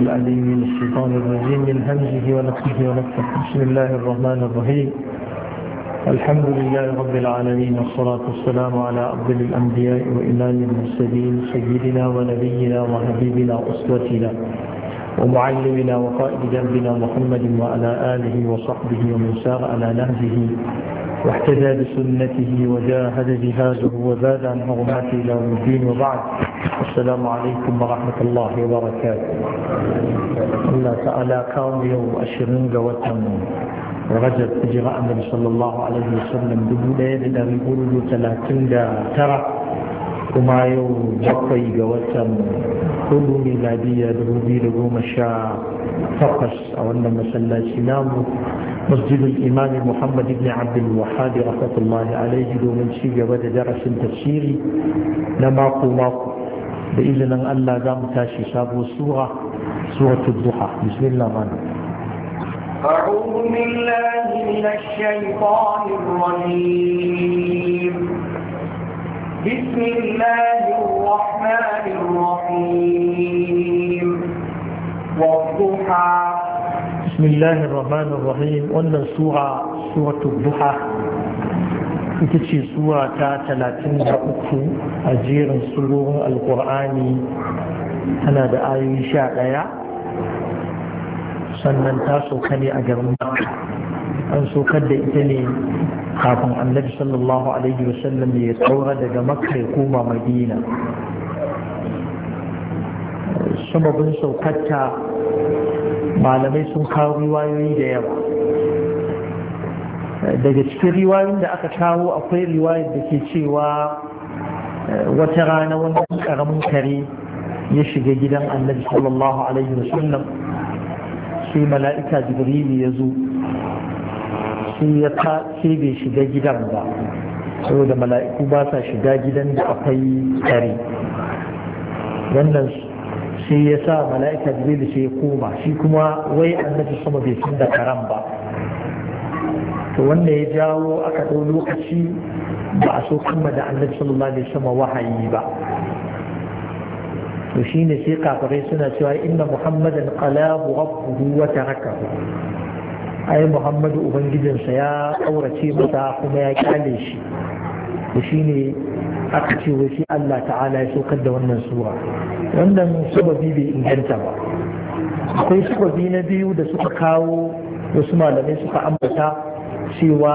العليم من الشيطان الرجيم من همزه ونفسه ونفسه بسم الله الرحمن الرحيم الحمد لله رب العالمين والصلاة والسلام على أفضل الأنبياء وإمام المرسلين سيدنا ونبينا وحبيبنا وأسوتنا ومعلمنا وقائد جنبنا محمد وعلى آله وصحبه ومن سار على نهجه واحتذى بسنته وجاهد جهاده وزاد عن هرماته إلى يوم الدين وبعد السلام عليكم ورحمة الله وبركاته الله تعالى كان يوم أشرين قوتهم ورجب إجراء النبي صلى الله عليه وسلم بدون يد الرجل ثلاثين ترى وما يوم جقي قوتهم كل ميلادية دروبي لقوم الشاء فقس أو أنما مسلاتي نامه مسجد الإمام محمد بن عبد الوهاب رحمة الله عليه دون شيء بدأ درس تفسيري لما ماقو بإذن أن الله دام تاشي سابو سورة سورة الضحى بسم الله الرحمن أعوذ بالله من الشيطان الرجيم بسم الله الرحمن الرحيم والضحى بسم الله الرحمن الرحيم wannan sura suratul duha ita ce sura ta uku a jerin surorin alkur'ani tana da ayoyi ɗaya sannan ta sauka ne a garin makka an saukar da ita ne kafin annabi sallallahu alaihi wasallam ya tsaura daga makka ya koma madina sababin saukarta malamai sun kawo riwayoyi da yawa daga cikin riwayoyin da aka kawo akwai riwayar da ke cewa eh, wata rana wani karamin kare ya shiga gidan annabi sallallahu alaihi wa sallam, sai mala'ika jibrilu ya zo sai sai bai shiga gidan ba saboda mala'iku ba sa shiga gidan da akwai kare wannan sai ya sa mala'ika jibril sai ya koma shi kuma wai annabi sama bai san da karam ba to wanda ya jawo aka ɗau lokaci ba a so kuma da annabi sallallahu alaihi wasallam wahayi ba to shine sai kafirai suna cewa inna muhammadan qalabu rabbuhu wa tarakahu ai muhammadu ubangijinsa ya kaurace masa kuma ya kyale shi to shine aka ce wai sai Allah ta'ala ya saukar da wannan sura wannan sababi bai inganta ba akwai sababi na biyu da suka kawo wasu malamai suka ambata cewa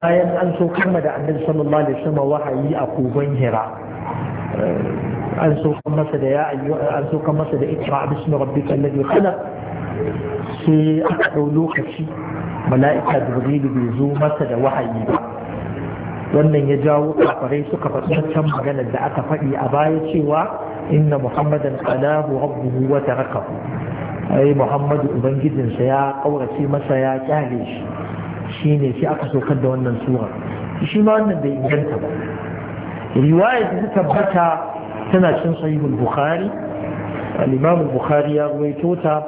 bayan an so kama da annabi sallallahu alaihi wasallam wahayi a kogon hira eh, an so masa da ya ayyu an so masa da ikra bismi rabbika alladhi khalaq sai aka dau lokaci mala'ika jibril bai zo masa da wahayi ba wannan ya jawo kafarai suka faɗi can maganar da aka faɗi a baya cewa inna muhammadan qadahu rabbuhu wa tarakahu ai muhammadu ubangijinsa ya kaurace masa ya kyale shi shine shi aka sokar da wannan sura shi ma wannan bai inganta ba riwaya da ta tabbata tana cin sahihul bukhari al-imam al-bukhari ya ruwaito ta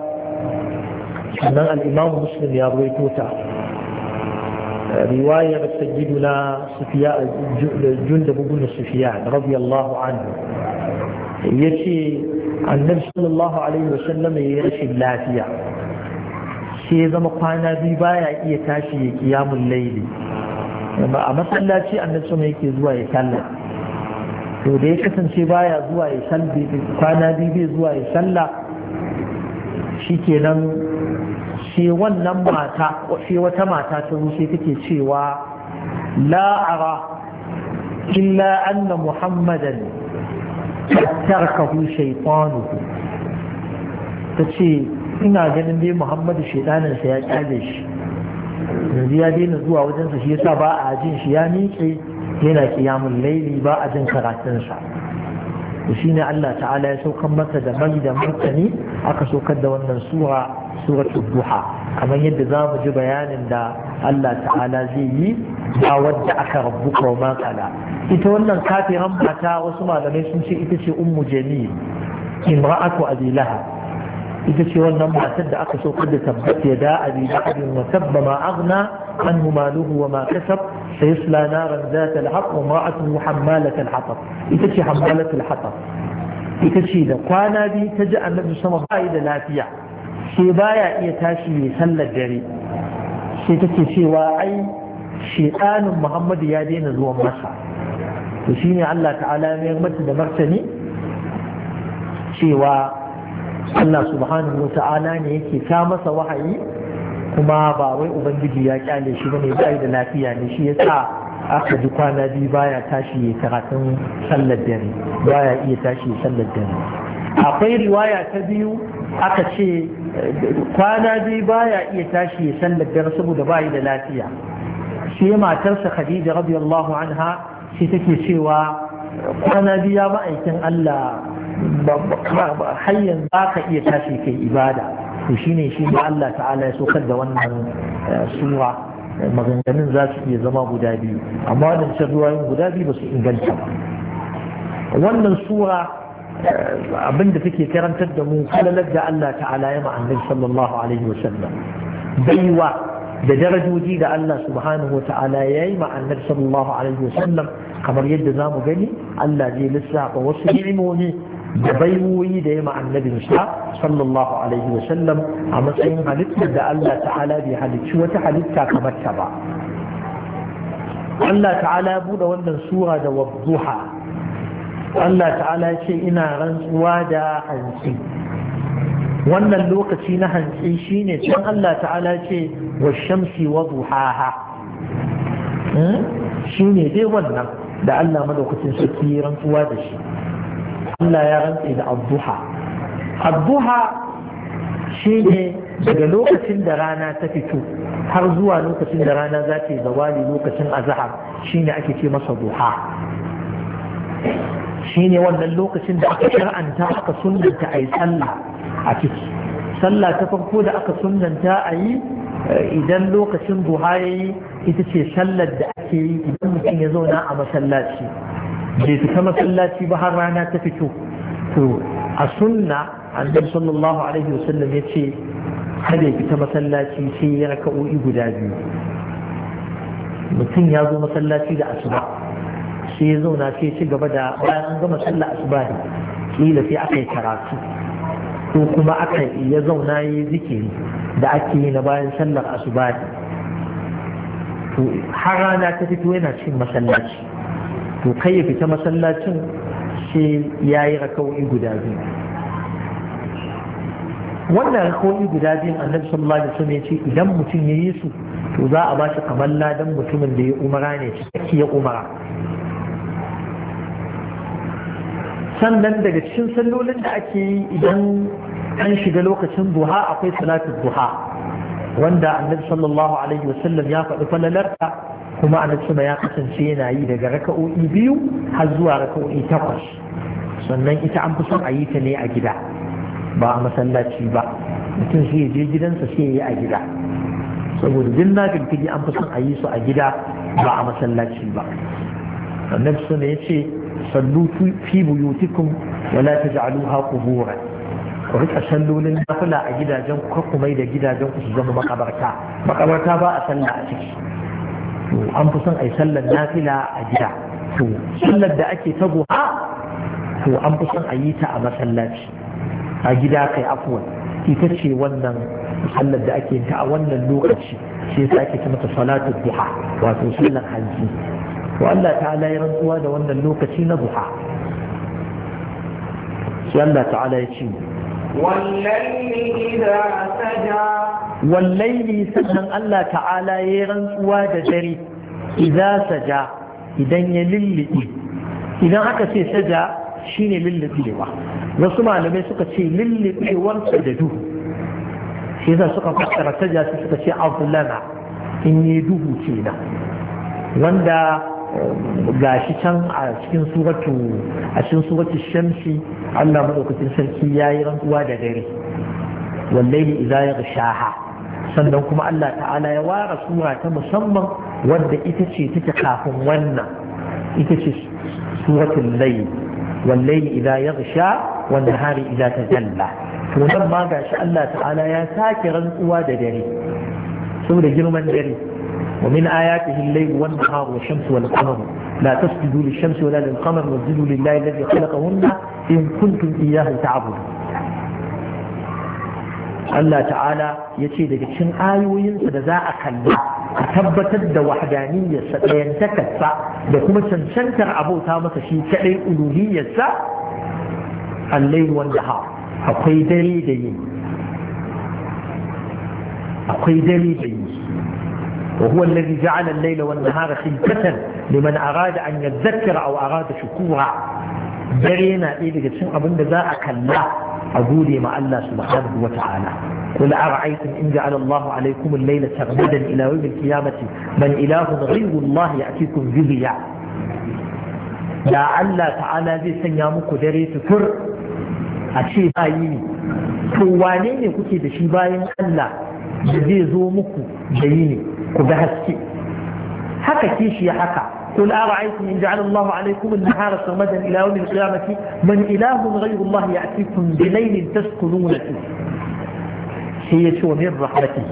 sannan al-imam muslim ya ruwaito ta رواية سيدنا سفيان جندب بن سفيان رضي الله عنه يشي النبي صلى الله عليه وسلم يشي اللافية sai ya zama kwana biyu baya iya tashi ya kiyamun laili a masallaci annabi sama yake zuwa ya sallah to da ya kasance baya zuwa ya sallah kwana biyu zuwa ya sallah shikenan sai wannan mata sai wata mata ta rushe take cewa la'ara illa anna muhammadan tarkahu shaytanuhu ta ce ina ganin dai muhammadu shaidaninsa ya kyale shi yanzu ya daina zuwa wajensa shi yasa ba a jin shi ya miƙe yana kiyamun laili ba a jin karatunsa to shine Allah ta'ala ya saukar masa da mai da martani aka saukar da wannan sura suratul duha kamar yadda za mu ji bayanin da Allah ta'ala zai yi a wadda aka rabu kuma kala ita wannan kafiran mata wasu malamai sun ce ita ce ummu jamil imra'atu abi laha. ita ce wannan matar da aka so da tabbat ya da abi da abin wa tabba ma aghna anhu maluhu wa ma kasab sayasla naran zata al wa ma'atuhu hammalat al ita ce hammalat al ita ce da kwana biyu ta ji annabi sama bai da lafiya sai baya iya tashi mai sallar dare sai take cewa ai shedanin muhammadu ya daina zuwan masa to shine Allah ta'ala ya mayar mata da martani cewa Allah subhanahu wa ta'ala ne yake ta masa wahayi kuma ba wai ubangiji ya kyale shi bane ba da lafiya ne shi yasa aka ji kwana biyu baya tashi karatun sallar dare baya iya tashi sallar dare akwai riwaya ta biyu aka ce kwana biyu baya iya tashi sallar dare saboda bayi da lafiya sai matarsa Khadija radiyallahu anha sai take cewa kwana biyu ya ma'aikin Allah ba za ka iya tashi kai ibada to shine shi ne Allah ta'ala ya sokar da wannan eh, sura maganganun za su iya zama guda biyu amma wadancan ruwayoyin guda biyu ba su inganta wannan sura eh, abinda take karantar da mu kalalar da Allah ta'ala ya ma'annin sallallahu alaihi wa sallam baiwa da darajoji da Allah subhanahu wa ta'ala ya yi ma'annin sallallahu alaihi wa sallam kamar yadda za mu gani Allah zai lissafa wasu ni'imomi da wuyi da ya annabin sa sallallahu alaihi wa sallam a matsayin halittar da Allah ta'ala bai halicci wata halitta kamar ta ba Allah ta'ala buɗe wannan sura da wadduha Allah ta'ala ce ina rantsuwa da hantsi wannan lokaci na hantsi shine can Allah ta'ala ce wa shamsi wa duhaha hmm? shine dai wannan da Allah madaukakin sarki rantsuwa da shi Allah ya rantse da abduha abduha shi ne daga lokacin da rana ta fito har zuwa lokacin da rana za ta yi zawali lokacin azhar shi ne ake ce masa duha shi ne wannan lokacin da aka shar'anta aka sunanta a yi sallah a ciki sallah ta farko da aka sunanta a yi idan lokacin duha ya yi ita ce sallar da ake yi idan mutum ya zauna a masallaci bai fita masallaci ba har rana ta fito to a sunna annabi sallallahu alaihi wasallam ya ce kada ya fita masallaci sai ya raka'o'i guda biyu mutum ya zo masallaci da asuba sai ya zauna sai ya ci gaba da bayan an gama sallar asuba ne kila sai aka yi karatu ko kuma aka ya zauna ya yi zikiri da ake yi na bayan sallar asuba ne to har rana ta fito yana cin masallaci to kai ya fita masallacin sai ya yi raka'o'i guda biyu wannan raka'o'i guda biyun annabi sallallahu alaihi wasallam ya ce idan mutum ya yi su to za a ba shi kamar ladan mutumin da ya umara ne cikakke ya umara sannan daga cikin sallolin da ake yi idan an shiga lokacin duha akwai salatu duha wanda annabi sallallahu alaihi wasallam ya faɗi falalarta kuma a ya kasance yana yi daga raka'o'i biyu har zuwa raka'o'i takwas sannan ita an fi son a yi ta ne a gida ba a masallaci ba mutum sai je gidansa sai yi a gida saboda duk na filfili an fi son a yi su a gida ba a masallaci ba annabi ya ce sallu fi buyutikum wala taj'aluha quburan ku rika sallolin nafila a gidajen ku kuma da gidajen ku su zama makabarta makabarta ba a sallah a ciki to an fi son a yi sallar nafila a gida to sallar da ake ta goha to an fi son a yi ta a masallaci a gida kai afuwan ita ce wannan sallar da ake ta a wannan lokaci sai sa ake mata salatu duha wato sallar hanzi to Allah ta'ala ya rantsuwa da wannan lokaci na duha sai Allah ta'ala ya ce wallaili sannan Allah ta'ala ya yi rantsuwa da dare idan saja idan ya lulluɓe idan aka ce saja ne lullubewa wasu malamai suka ce lullubewarsa da duhu shi yasa suka fassara saja su suka ce azlama in yi duhu kenan wanda gashi can a cikin suratu a cikin suratu shamsi Allah madaukakin sarki yayi rantsuwa da dare wallahi idza yaghshaha sannan kuma Allah ta'ala ya ware sura ta musamman wanda ita ce take kafin wannan ita ce suratul layl wallahi idza yaghsha wan nahari idza tajalla to nan ma gashi Allah ta'ala ya sake rantsuwa da dare saboda girman dare ومن آياته الليل والنهار والشمس والقمر لا تسجدوا للشمس ولا للقمر واسجدوا لله الذي خلقهن إن كنتم إياه تعبدون Allah ta'ala ya ce daga cikin ayoyinsa da za a kalla a tabbatar da wahdaniyarsa ɗayantakarsa da kuma cancantar abota masa shi kaɗai uluhiyarsa allai wanda ha akwai dare da yi akwai dare da yi وهو الذي جعل الليل والنهار خلفة لمن أراد أن يتذكر أو أراد شكورا درينا إيه لجسم أبن ذاك الله أقول مع الله سبحانه وتعالى قل أرأيتم إن جعل الله عليكم الليل سرمدا إلى يوم القيامة من إله غير الله يأتيكم بضياء يا الله تعالى زي سنيامك دري تفر أشي بايني to wane ne kuke da shi bayan Allah da zai zo muku da yi ne ku ga haske haka kishi ya haka قل أرأيتم إن جعل الله عليكم النهار سرمدا إلى يوم القيامة من إله غير الله يأتيكم بليل تسكنون فيه هي من رحمته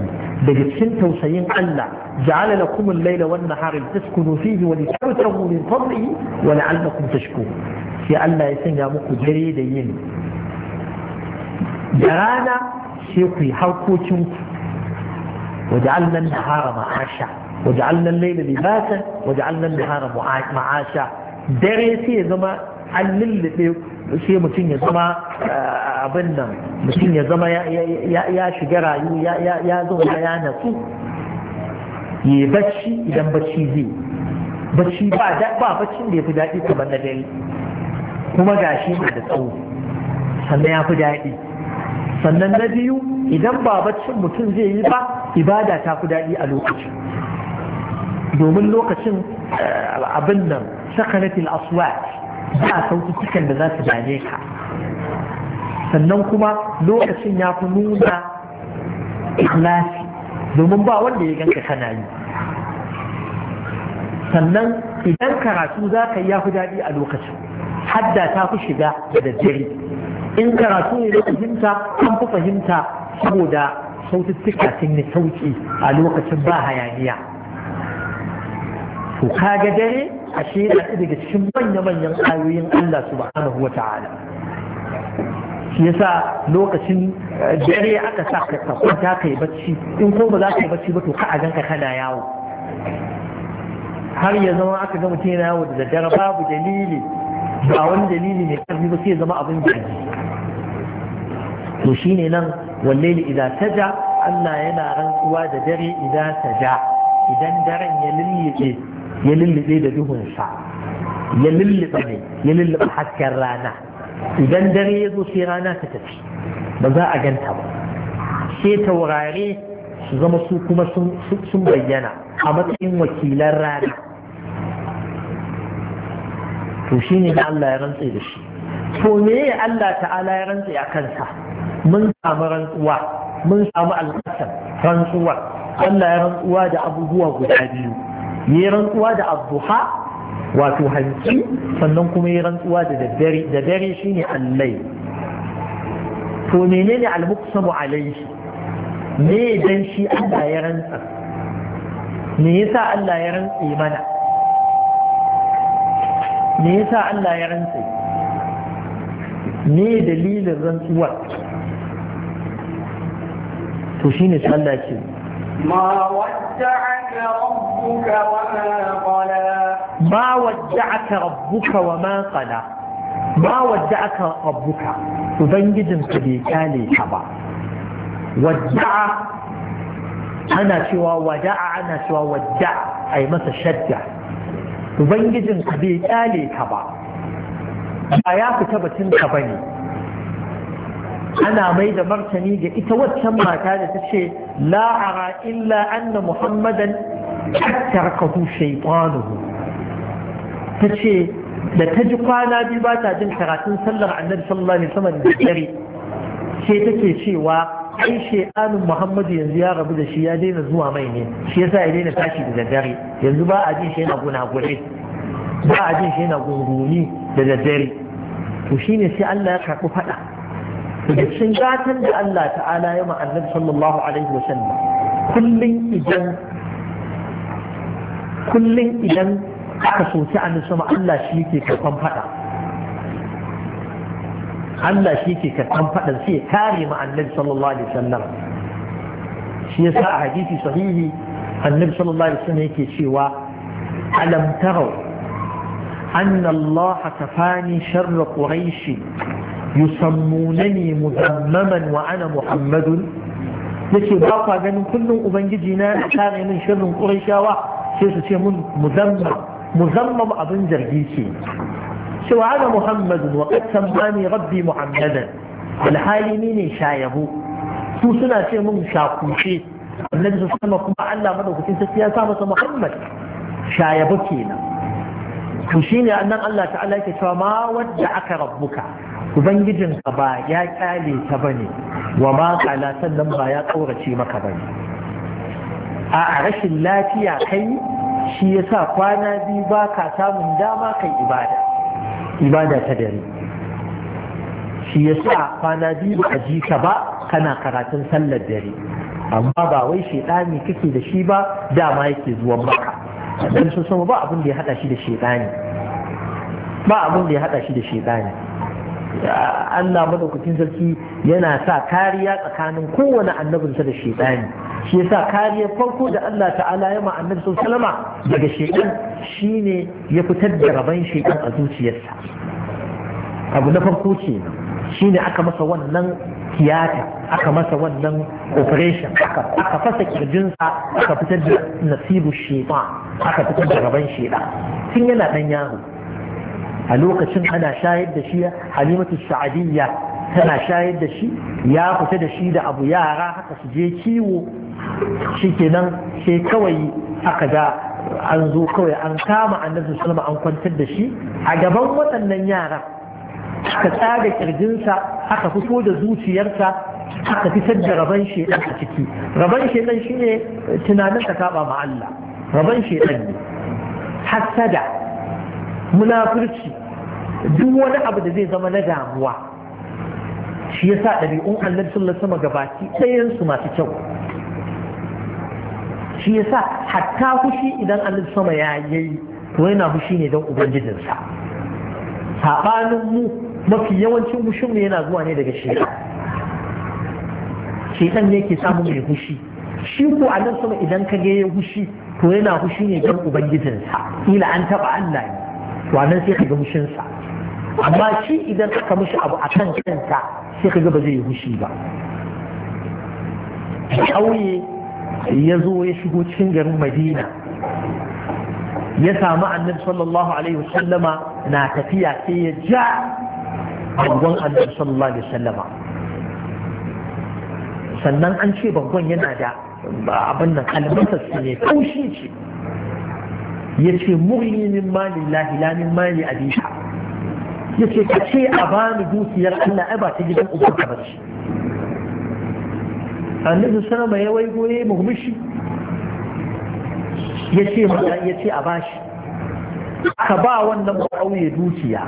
بجسم توسعين ألا جعل لكم الليل والنهار لتسكنوا فيه ولتبتغوا من فضله ولعلكم تشكون في ألا يسنى مكو جريدين جرانا شيخي حركوتكم وجعلنا النهار معاشا وجعلنا الليل لباسا وجعلنا النهار معاشا دري سي زما علل شيء متين يا زما آه، ابننا متين يا زما يا يا يا شجرا يا يا يا زو يا نفس يبشي اذا بشي زي بشي با دا با بشي اللي في دادي كمان دليل كما غاشي ما دتو سنه يا فجادي sannan na biyu idan ba baccin mutum zai yi ba ibada ta fi daɗi a lokaci. domin lokacin eh, abin nan sakanatil aswat ba cikin da za su dame ka sannan kuma lokacin ya fi nuna ikhlasi domin ba wanda ya ganka kana yi sannan idan karatu za ka yi ya fi daɗi a lokacin hadda ta fi shiga da daddare in karatu ne da fahimta an fi fahimta saboda saututtuka sun yi sauki a lokacin ba hayaniya to kaga dare ashe yana daga cikin manya-manyan ayoyin Allah subhanahu ta'ala shi yasa lokacin eh, dare aka sa ka kwanta ka bacci in ko ba za ka yi bacci ba to ka a ganka kana yawo har ya zama aka ga mutum yana yawo da daddare babu dalili ba wani dalili mai karfi ba sai zama abin jirgi to shine nan wallaili idan ta ja Allah yana rantsuwa da dare idan ta ja idan daren ya lullube ya lullube da duhunsa ya lullube ne ya lullube hasken rana idan dare ya zo sai rana ta tafi ba za a ganta ba sai taurare su zama su kuma sun bayyana a matsayin wakilan rana to shine da Allah ya rantse da shi to me ya Allah ta'ala ya rantse a kansa mun samu rantsuwa mun samu alƙasar rantsuwa Allah ya rantsuwa da abubuwa guda biyu ya rantsuwa da abduha wato hanci sannan kuma ya rantsuwa da dare da dare shine allai to menene al-muqsamu alayhi me dan shi Allah ya rantsa me yasa Allah ya rantse mana me yasa Allah ya rantse me dalilin rantsuwar to shine sai Allah ce ma wadda'aka rabbuka wa ma qala ma wadda'aka rabbuka wa ma qala ma wadda'aka rabbuka ubangijin ka bai kyale ka ba wadda'a ana cewa wada'a ana cewa wadda'a ai masa shadda ubangijin ka bai kyale ka ba ba ya fita batun ka bane ana mai da martani ga ita waccan mata da ta ce la'ara illa anna muhammadan kushe shaytanuhu ta ce da ta ji kwana biyu ba ta jin karatun sallar annabi sallallahu alaihi wasallam da dare sai take cewa ai shedanin muhammadu yanzu ya rabu da shi ya daina zuwa mai ne shi yasa ya daina tashi da daddare yanzu ba a jin shi yana gunagure ba a jin shi yana gunguni da daddare to shine sai Allah ya karɓi faɗa da cin gatan da Allah ta'ala ya ma'annabi sallallahu alaihi wa sallam kullum idan kullun idan aka soci annabi sama Allah shi yake karɓan faɗa Allah shi ke karɓan faɗan sai ya kare ma annabi sallallahu alaihi wasallam shi yasa a hadisi sahihi annabi sallallahu alaihi wasallam yake cewa alam tarau أن الله كفاني شر قريش يسمونني مذمما وأنا محمد yake ba ganin kullum ubangiji na kare min shirin ƙurashawa sai su ce mun muzammam abin jargi ce cewa ana muhammadun wa qad sammani rabbi muhammadan alhali ni ne shayahu su suna ce mun shakushe annabi su sama kuma Allah madaukakin sarki ya sa masa muhammad shayabu kenan to shine annan Allah ta'ala yake cewa ma wadda aka rabbuka ubangijinka ba ya kyale ta bane wa ma kala sannan ba ya kaurace maka bane a rashin lafiya kai shi yasa kwana biyu ba ka samun dama kai ibada ibada ta dare shi ya sa kwana biyu a ji ka ba kana karatun sallar dare amma ba wai shaidani kake da shi ba dama yake zuwan maka dan sun sama ba abin da ya hada shi da shaidani ba abin da ya hada shi da shaidani Allah madaukakin sarki yana sa kariya tsakanin kowane annabinsa da shaitani shi yasa kariya farko da Allah ta'ala ya ma annabi sallama daga shaitan shine ya fitar da raban shaitan a zuciyarsa abu na farko ce shine aka masa wannan tiyata aka masa wannan operation aka fasa kirjinsa aka fitar da nasibu shaitan aka fitar da raban shaitan tun yana dan yaro a lokacin ana shayar da shi halimatu sa'adiyya tana shayar da shi ya fita da shi da abu yara haka su je kiwo shikenan sai kawai aka ga an zo kawai an kama annabi sallama an kwantar da shi a gaban waɗannan yara aka tsaga kirjinsa aka fito da zuciyarsa aka fitar da rabon shedan a ciki rabon shedan shine tunanin ka kaba ma Allah rabon shedan ne hasada munafurci duk wani abu da zai zama na damuwa shi sa ɗabi'un annabi sallallahu sama wasallam gabaki ɗayansu masu kyau shi ya sa hatta fushi idan annabi sama ya yi to yana fushi ne don ubangijinsa saɓanin mu mafi yawancin fushin mu yana zuwa ne daga shi shedan yake samun mai fushi shi ko annabi sama idan ka ga ya fushi to yana fushi ne don ubangijinsa ila an taɓa Allah ne wannan sai ka ga mushinsa amma shi idan aka mushi abu a kan kanta sai ka ga ba zai yi mushi ba ƙauye ya zo ya shigo cikin garin madina ya samu annab sallallahu alaihi wasallama na tafiya sai ya ja bangon annab sallallahu alaihi wasallama sannan an ce bangon yana da abin nan kalmarsa su ne kaushi ce ya ce murni min mali lahi la min mali abisha ya ce ka ce a bani dukiyar Allah ai ba ta gidan uban ka bace annabi sallama ya waigo ya murmushi ya ce ya ce a bashi ka ba wannan ƙauye dukiya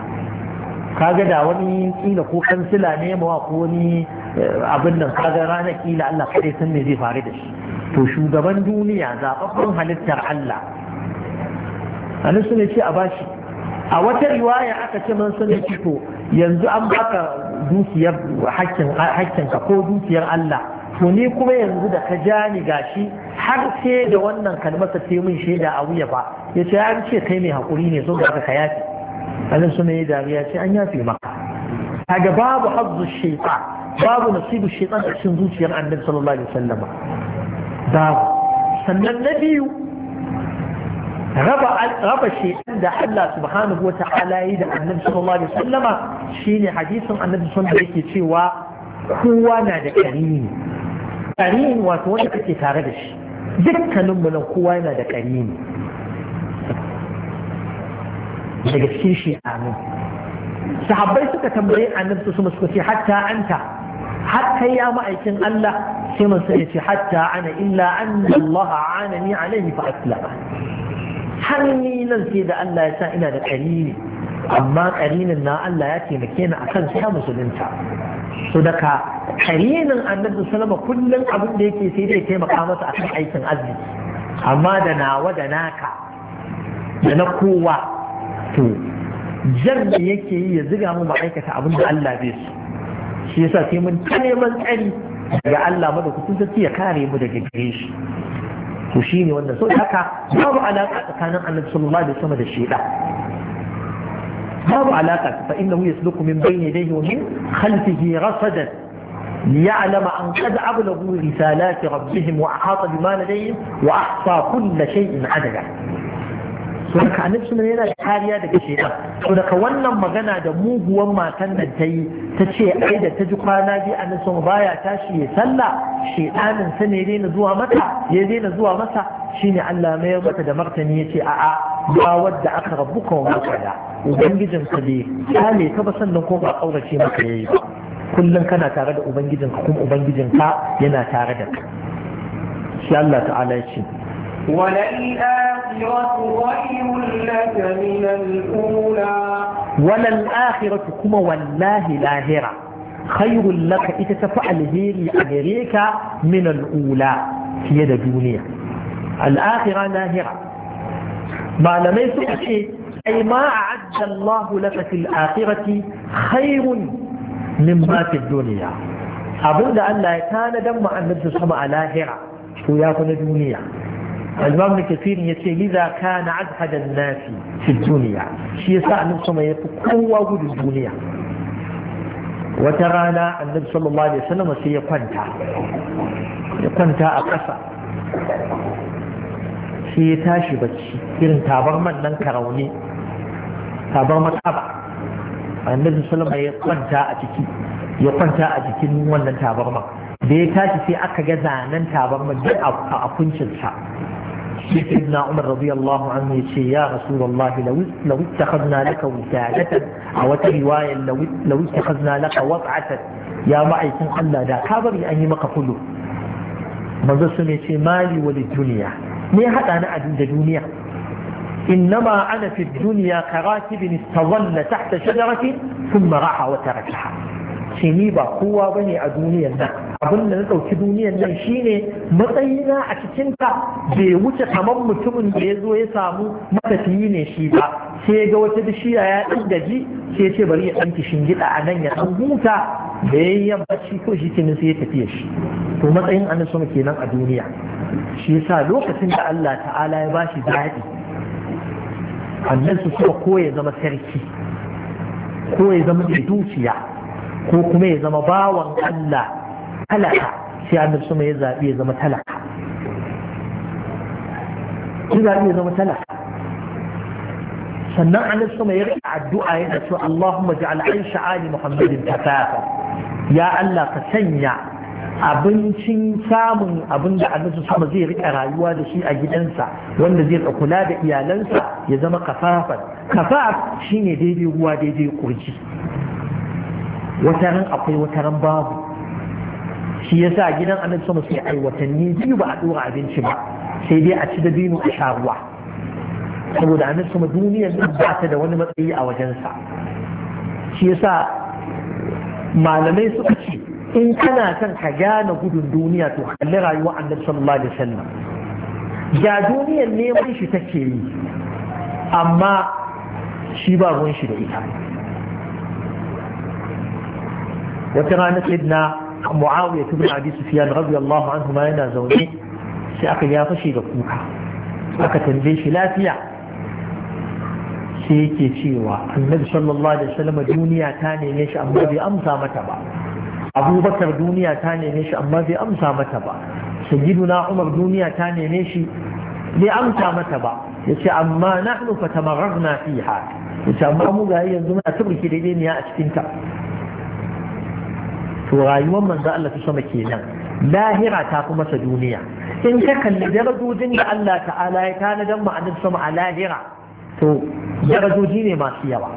kaga da wani kila ko kansila ne mawa ko wani eh, abin nan kaga ranar kila Allah kare san me zai faru da shi to shugaban duniya zababban halittar Allah anan sun ce a bashi a wata riwaya aka ce man sun ce to yanzu an baka dukiyar hakkin ko dukiyar Allah to ni kuma yanzu da ka ja ni gashi har sai da wannan kalmar ta ce min shaida a wuya ba ya ce an ce kai mai haƙuri ne so ga ka yafi anan sun ya dariya ce an yafe maka kaga babu hazzu shaytan babu nasibu shaytan a cikin zuciyar annabi sallallahu alaihi wasallam babu sannan na biyu raba shi da Allah subhanahu wa ta'ala yi da annabi sallallahu alaihi wasallama shine hadisin annabi sallallahu yake cewa kowa na da karini karini wato wanda kake tare da shi dukkanin mu nan kowa yana da karini daga cikin shi amin sahabbai suka tambaye annabi su suka ce hatta anta har kai ya ma'aikin Allah sai mun sai ce hatta ana illa anna Allah anani alaihi fa aslama har ni nan sai da Allah ya sa ina da ƙarini amma ƙarinin na Allah ya taimake ni akan sa musulunta so daga ƙarinin annabi sallama kullum abin da yake sai dai taimaka masa akan aikin arziki amma da nawa da naka da na kowa to jar da yake yi ya ziga mu ma'aikata abin da Allah bai su shi yasa sai mun ta neman tsari daga Allah madaukakin sarki ya kare mu daga gare shi to shi ne wannan so haka babu alaka tsakanin annabi sallallahu alaihi wasallam da sheda babu alaƙa fa innahu yasluku min bayni yadayhi wa min khalfihi rasadan ليعلم أن قد أبلغوا رسالات ربهم وأحاط بما لديهم وأحصى كل شيء عددا to haka annabi yana da kariya daga shaytan to daga wannan magana da muguwan matan da ta yi ta ce ai da ta ji kwana biyu annabi sallallahu baya tashi ya sallah shaytanin sa ne daina zuwa mata ya daina zuwa masa shine Allah mai mata da martani yace a'a ba wadda aka rabbuka wa makada ubangijinka bai kale ka ba sannan ko ba kaurace maka yayi ba kullum kana tare da ubangijinka kuma ubangijin ka yana tare da ka shi Allah ta'ala ya ce Walal akhiratu kuma wallahi lahira, khairun laka ita tafi alheri a gare ka min fiye da duniya. Al’akhira lahira. Malamai suka ce, "Ai ma a ajiyar Allahu laka fil akhirati min ba duniya." Abin da Allah ya tanadan ma'anar su sama a lahira, to ya na duniya. al-imam al-kathir yace liza kana adhad an-nas fi dunya shi yasa annabi sama yafi kowa gudu duniya wata rana annabi sallallahu alaihi sai ya kwanta ya kwanta a ƙasa sai ya tashi bacci irin tabarman nan karauni tabarman kaba annabi sallallahu alaihi ya kwanta a ciki ya kwanta a jikin wannan tabarman da ya tashi sai aka ga zanen taban majid a kuncinsa shi ibna umar radiyallahu anhu ya ce ya rasulullahi ta ittakhadna laka wuta a wata riwaya ta ittakhadna laka wat'atan ya ma'aikin Allah da ka bari an yi maka kulu manzo su ne ce mali wa duniya ne hada ni a da duniya إنما أنا في الدنيا كراكب استظل تحت شجرة ثم راح وتركها ce ni ba kowa ba ne a duniyar nan abin da na ɗauki duniyar nan shine matsayina a cikinta bai wuce kamar mutumin da ya zo ya samu matafiyi ne shi ba sai ga wata bishiya ya ɗan gaji sai ce bari ya ɗanki shingiɗa a nan ya ɗan huta da ya yi shi ko shi sai ya tafiya shi to matsayin an sama kenan a duniya shi yasa lokacin da Allah ta'ala ya bashi daɗi annan su suka koya zama sarki ko ya zama mai dukiya ko kuma ya zama bawan Allah talaka sai annabi ya zaɓi ya zama talaka zaɓi ya zama talaka sannan annabi ya rika addu'a ya dace, Allahumma ja'al aisha ali muhammadin kafafa ya Allah ka sanya abincin samun abin da annabi sama zai rika rayuwa da shi a gidansa wanda zai kula da iyalansa ya zama kafafan kafaf shine daidai ruwa daidai kurji wata ran akwai wata ran babu shi yasa gidan annabi sama sai ai watanni biyu ba a dora abinci ba sai dai a ci da binu a sha ruwa saboda annabi sama duniyar ba ta da wani matsayi a wajensa shi yasa malamai suka ce in kana son ka gane gudun duniya to kalli rayuwa annabi sallallahu alaihi wasallam ga duniyar neman shi take yi amma shi ba ruwan shi da ita wata rana sayyidina muawiya ibn abi sufyan radiyallahu anhu kuma yana zaune sai aka ya fashe da kuka aka tambaye shi lafiya sai yake cewa annabi sallallahu alaihi wasallam duniya ta neme shi amma bai amsa mata ba abubakar duniya ta neme shi amma bai amsa mata ba sayyiduna umar duniya ta neme shi bai amsa mata ba yace amma nahnu fatamarrna fiha yace amma mu ga yanzu muna turki da ne a cikin ta to rayuwar manzo Allah ta sama kenan lahira ta fi masa duniya in ka kalli darajojin da Allah ta'ala ya tanadar mu annabi sama a lahira to darajoji ne masu yawa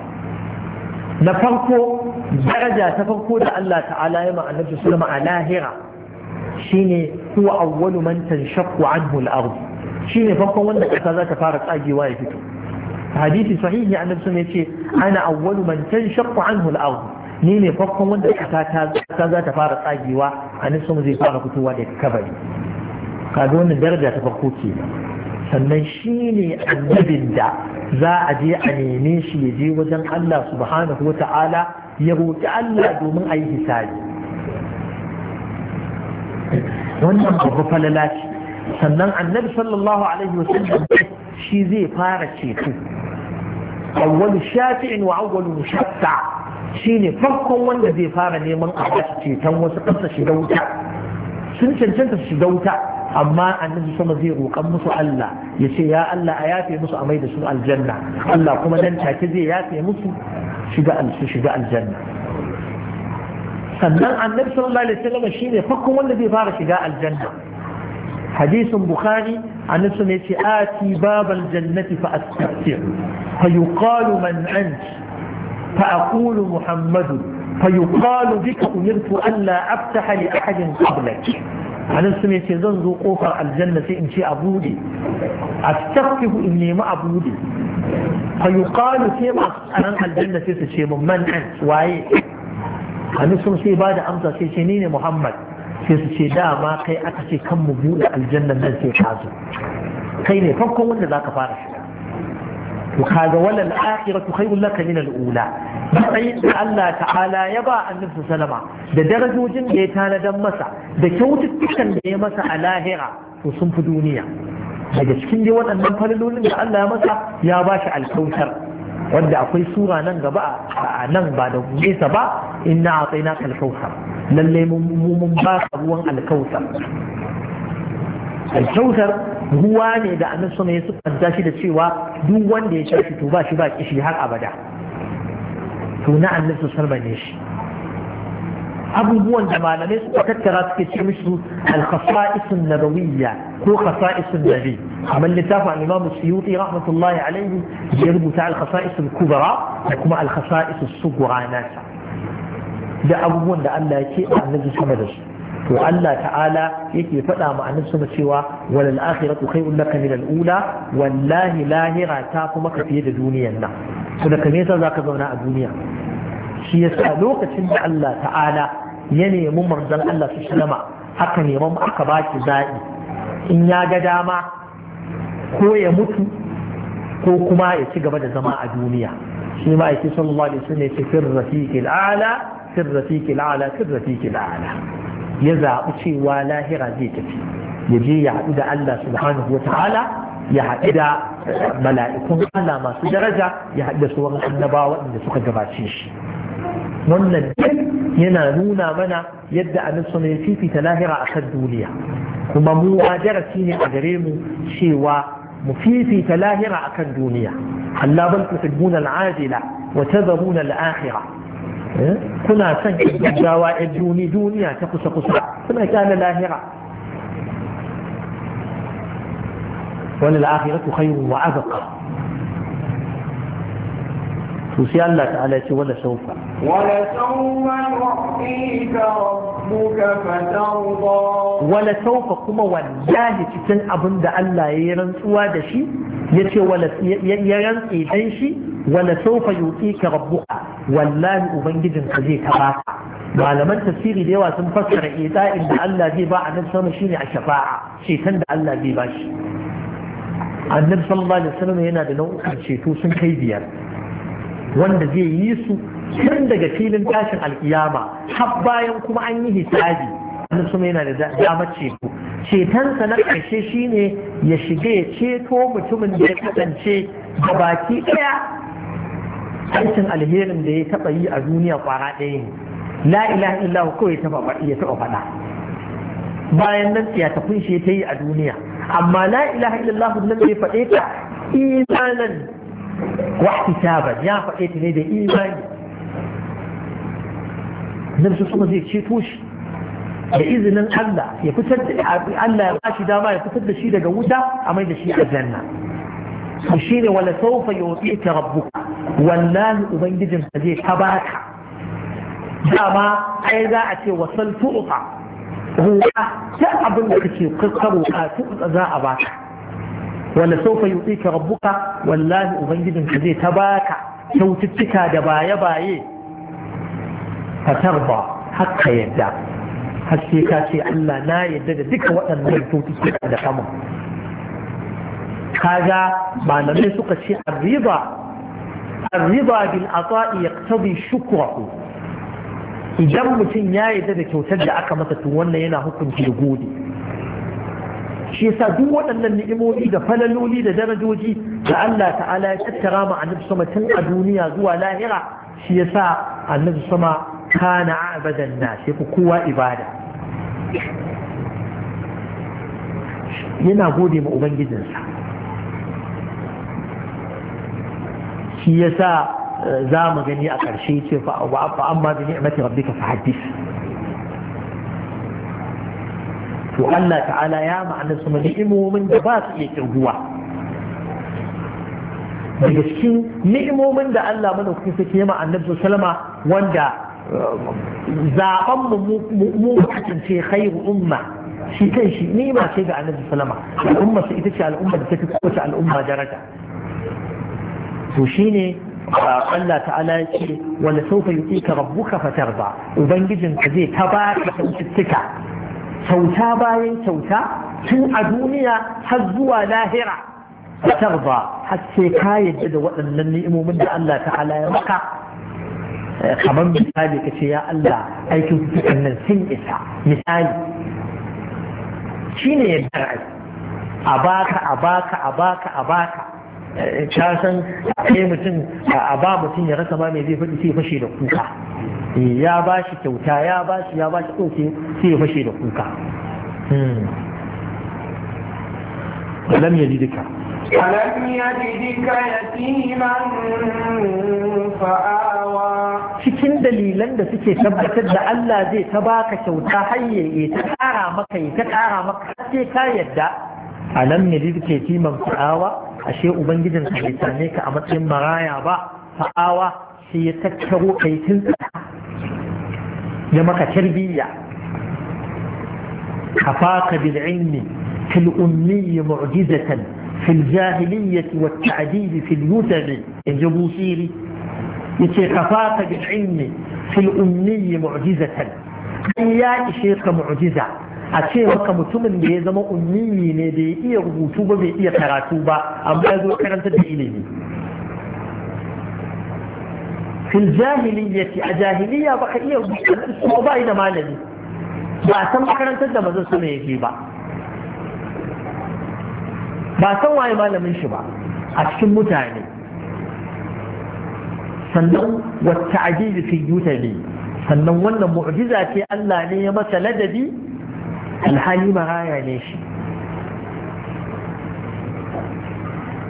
na farko daraja ta farko da Allah ta'ala ya ma da sallama a lahira shine huwa awwalu man tanshaqqu anhu al-ard shine farkon wanda kasa za ta fara tsagewa ya fito hadisi sahihi annabi sun yace ana awwalu man tanshaqqu anhu al-ard ni ne farkon wanda ƙasa ta za ta fara tsagewa a nisan zai fara fitowa da kabari kaga wannan daraja ta farko ke sannan shi ne annabin da za a je a neme shi ya je wajen Allah subhanahu wa ta'ala ya roƙi Allah domin a yi hisabi wannan babu falala ce sannan annabi sallallahu alaihi wasallam shi zai fara ceto awwalu shafi'in wa awwalu mushaffa shi ne farkon wanda zai fara neman a bashi ceton wasu kansa shiga wuta sun cancanta shiga wuta amma annabi sama zai roƙan musu Allah ya ce ya Allah a yafe musu a mai da su aljanna Allah kuma dan take zai yafe musu shiga su shiga aljanna sannan annabi sallallahu alaihi wasallam ne farkon wanda zai fara shiga aljanna hadisin bukhari annabi ne ce ati babal jannati fa astaftir fa yuqalu man anta فأقول محمد فيقال بك أمرت ألا أفتح لأحد قبلك على السمية زنزو قفر الجنة إن شاء أبودي أستفتح إني ما أبودي فيقال سيما أنا الجنة سيما من أنت وعي أنا سمسي بعد أمسى سيشنين محمد sai su ce dama kai aka ce kan mu buɗe aljannan nan sai ka zo kai ne farkon wanda za ka fara to kaga walal akhiratu khairul laka min al ula matsayin da Allah ta'ala ya ba annabi salama. da darajojin da ya tanadan masa da kyaututtukan da ya masa a lahira to sun fi duniya daga cikin dai waɗannan falalolin da Allah ya masa ya ba shi alkautar wanda akwai sura nan gaba a nan ba da nesa ba inna a na alkautar Lallai mun ba ruwan alkautar alkautar ruwa ne da annabi sama ya siffanta shi da cewa duk wanda ya sha shi to ba shi ba kishi har abada to na annabi sallallahu ne shi abubuwan da malamai suka tattara suke ce musu al-khasa'isun nabawiyya ko khasa'isun nabi amma littafin al-imam suyuti rahmatullahi alaihi ya rubuta al-khasa'isul kubra da kuma al-khasa'isus sughra nasa da abubuwan da Allah ya ce annabi sama da su to Allah ta'ala yake faɗa ma sama cewa walal akhiratu khayrun laka min al-ula wallahi lahira ta kuma ka fiye da duniyan nan to da kame yasa zaka zauna a duniya shi yasa lokacin da Allah ta'ala ya nemi manzon Allah su sallama aka neman aka ba shi zaɓi in ya ga dama ko ya mutu ko kuma ya ci gaba da zama a duniya shi ma yake sallallahu alaihi wasallam ya ce fir a'la fir a'la fir a'la ya zaɓi cewa lahira zai tafi ya je ya haɗu da Allah subhanahu wa ta'ala ya haɗu da mala'ikun Allah masu daraja ya haɗu da sauran annabawa waɗanda suka gabace shi wannan yana nuna mana yadda annabi ne ya fifita lahira a kan duniya kuma mu darasi ne a gare mu cewa mu fifita lahira a kan duniya Allah bal tuhibbuna al-ajila wa tadharuna al-akhirah kuna son gaggawa a duni duniya ta kusa kusa kuna kyana lahira wani la'afiratu khairu wa abqa to sai Allah ta'ala ce wala saufa wala saufa yu'tika rabbuka fatarda wala saufa kuma wallahi cikin abinda Allah ya yi rantsuwa da shi yace wala ya rantsi dan shi wala sawfa ka rabbuka wallahi ubangijin ka zai taba malaman tafsiri da yawa sun fassara ita'in da Allah zai ba annabi sama shine a shafa'a shetan da Allah zai ba shi annabi sallallahu alaihi wasallam yana da nau'ukan ceto sun kai biyar wanda zai yi su tun daga filin tashin alkiyama har bayan kuma an yi hisabi annabi sama yana da damar ceto cetonsa na ƙarshe shine ya shiga ya ceto mutumin da ya kasance da baki ɗaya aikin alherin da ya taɓa yi a duniya kwara ɗaya ne la ilaha illahu kawai ya taɓa faɗa bayan nan ya ta kunshe ta yi a duniya amma la ilaha illallahu nan bai faɗe ta imanan wahtisaban ya faɗe ta ne da imani nan su kuma zai ceto shi da izinin Allah ya fitar da Allah ya ba shi dama ya fitar da shi daga wuta a mai da shi aljanna to shine wala sawfa yu'tika rabbuka wallahi ubangijin ka zai ta baka dama ai za a ce wasal tu'uka ruwa ta abin da kake kakkaro ka tu'uka za a baka wala saufa yu'tika rabbuka wallahi ubangijin ka zai ta baka kyaututtuka da baye-baye fatar ba haka yadda haske ka ce Allah na yadda da duka waɗannan kyaututtuka da kama kaga malamai suka ce arriba الرضا بالعطاء يقتضي شكره idan mutum ya yarda da kyautar da aka masa to wannan yana hukunci gode shi yasa duk waɗannan ni'imomi da falaloli da darajoji da Allah ta'ala ya tattara mu annabi sama tun a duniya zuwa lahira shi yasa annabi sama kana abadan na shi kowa ibada yana gode ma ubangijinsa shi yasa eh, za mu gani a ƙarshe ce fa amma bi ni'mati rabbika fa hadis to Allah ta'ala ya ma'ana su ni'imomin da ba su iya kirguwa daga cikin ni'imomin da Allah mana kuka sake yi annabi salama wanda eh, zaben mu mu kasance khairu umma shi kan shi ni'ima ce ga annabi sallama al'umma ita ce al'umma da ta fi kowace al'umma daraja to shine Allah ta'ala ya ce wanda ka yi ka ka fatar ba ubangijinka zai ta ba ka kyaututtuka kyauta bayan kyauta tun a duniya har zuwa lahira fatar ba har sai ka yadda da waɗannan ni'imomin da Allah ta'ala ya maka eh, kamar misali ka ce ya Allah aikin kutukan nan sun isa misali shine yadda a baka a baka a baka a baka ka san mutum a ba mutum ya rasa ma mai zai faɗi sai fashe da kuka eh, ya ba shi kyauta ya ba shi ya ba shi ɗauke sai ya fashe da kuka hmm. lam ya ji duka alam ya fi duka fa'awa cikin dalilan da suke tabbatar da Allah zai ta baka kyauta har ya ta ƙara maka ya ta ƙara maka sai ka yadda a nan ne da ke kiman fa'awa ashe ubangijin ka bai same ka a matsayin maraya ba fa'awa sai ya tattaro kaitin ya maka tarbiyya kafaka bil ilmi fil ummi mu'jizatan fil jahiliyyati wat ta'dil fil yutari in jabu siri yace kafaka bil ilmi fil ummi mu'jizatan ya ishe ka mu'jiza a ce maka mutumin da ya zama ummiyi ne bai iya rubutu ba bai iya karatu ba amma ya zo karanta da ilimi fil jahiliyyati a jahiliya baka iya rubutu ko ba da malami ba san makarantar da mazan su yake ba ba san waye malamin shi ba a cikin mutane sannan wata ajiyi fi yutani sannan wannan mu'jiza ce Allah ne ya masa ladabi alhali maraya ne shi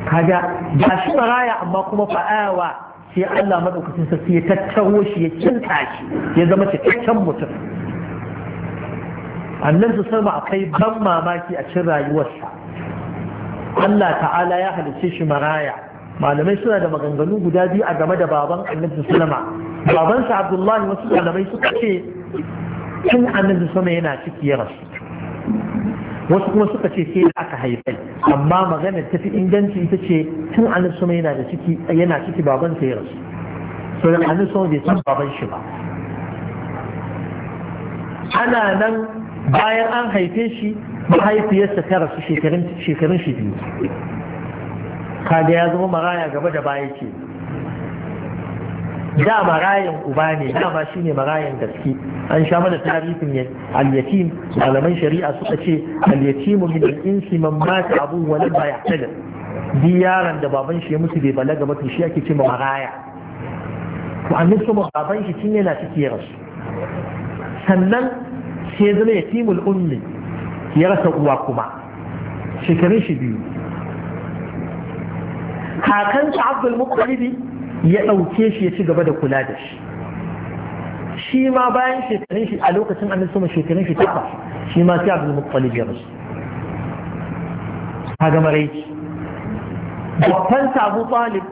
kaga ba shi maraya amma kuma fa'awa sai Allah madaukakin sarki ya tattaro shi ya kinta shi ya zama cikakken mutum annan su sama akwai ban mamaki a cin rayuwarsa Allah ta'ala ya halice shi maraya malamai suna da maganganu guda biyu a game da baban annabi sallama babansa abdullahi wasu malamai suka ce tun annabi sama yana ciki ya rasu wasu kuma suka ce sai aka haifai amma magana ta fi inganci ita ce tun annabi sama yana da ciki yana ciki baban sa ya rasu so da annabi sama bai san baban shi ba ana nan bayan an haife shi mahaifiyarsa ta rasu shekarun shi biyu kaga ya zama maraya gaba da baya ce da marayan uba ne dama shine marayan gaske an sha mana tarihin al-yatim malaman shari'a suka ce al-yatim min al-insi man mata abu wa bi yaran da baban shi ya mutu bai balaga ba to shi ake ma maraya to annabi kuma baban shi tun yana ciki ya rasu sannan sai zama yatimul ummi ya rasa uwa kuma shekarun shi biyu kakansa abdul muqtalibi ya ɗauke shi ya ci gaba da kula da shi shi ma bayan shekarun shi a lokacin annabi sama shekarun shi takwas shi ma sai abdul muttalib ya rasu ka ga maraici babban sabu talib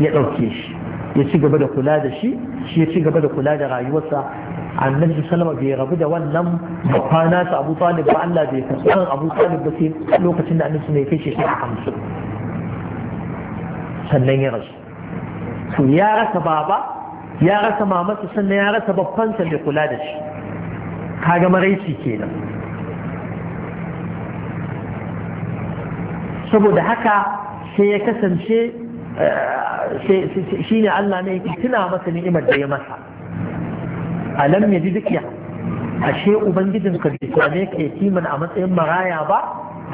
ya ɗauke shi ya ci gaba da kula da shi shi ya ci gaba da kula da rayuwarsa annabi sallama bai rabu da wannan kwana su abu talib ba Allah bai kasan abu talib ba sai lokacin da annabi ne ya kai shi shekara hamsin sannan ya rasu to ya rasa baba ya rasa mamasa sannan ya rasa sa mai kula da shi kaga maraici kenan saboda haka sai ya kasance eh, shi ne Allah ne yake tuna masa ni'imar da ya masa alam ya ji dukiya ashe ubangijin ka bai same ka yatiman a matsayin maraya ba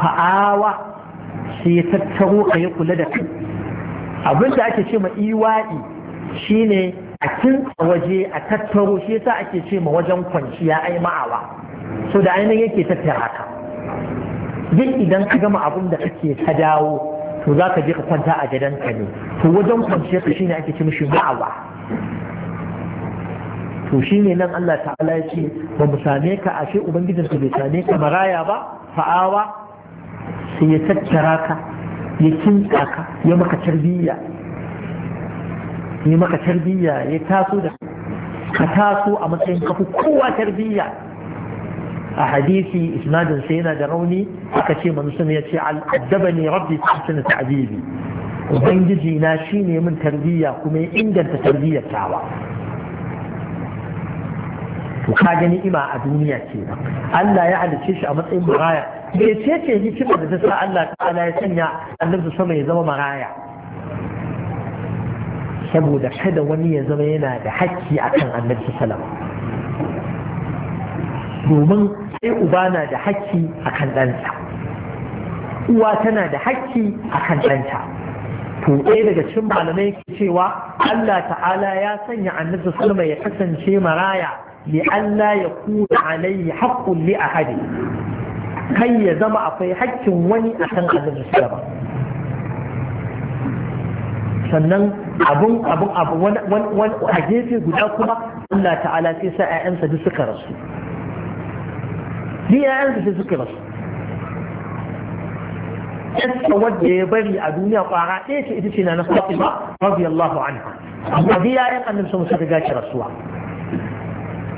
fa'awa sai ya tattaro ka yi kula da kai abin da ake ce ma iwa'i shine a kinsa waje a tattaro shi yasa ake ce ma wajen kwanciya ai ma'awa so da ainihin yake tattara haka duk idan ka gama abin da kake ka dawo to za ka je ka kwanta a gadonka ne to wajen kwanciya ka shine ake ce mishi ma'awa to shine nan Allah ta'ala ya ce ba mu same ka ashe ubangijinka bai same ka maraya ba fa'awa sai ya tattara ka ya kinta ka ya maka tarbiyya ya maka tarbiyya ya taso da ka taso a matsayin kafi kowa tarbiyya a hadisi isnadin sai yana da rauni aka ce manzo ya ce al'addaba ne rabbi ta ta'dibi ubangiji na shine min tarbiyya kuma ya inganta tarbiyyar tawa to ka gani ima a duniya ce Allah ya halicce shi a matsayin maraya bai ce ce hikimar da ta sa Allah ta'ala ya sanya annabi sama ya zama maraya saboda kada wani ya zama yana da hakki akan annabi sallam, domin sai uba na da hakki akan ɗansa uwa tana da hakki akan ɗanta to ɗaya daga cikin malamai ke cewa Allah ta'ala ya sanya annabi sallama ya kasance maraya li Allah ya kuna alaihi haqqun li ahadi kai ya zama akwai haƙƙin wani a kan annabi ba sannan abun abun abu wani a gefe guda kuma Allah ta'ala sai sa ƴaƴansa duk suka rasu duk ƴaƴansa sai suka rasu yadda wadda ya bari a duniya kwara ɗaya ce ita ce na nasu fatima radiyallahu anha amma dai ƴaƴan annabi sun suka gaci rasuwa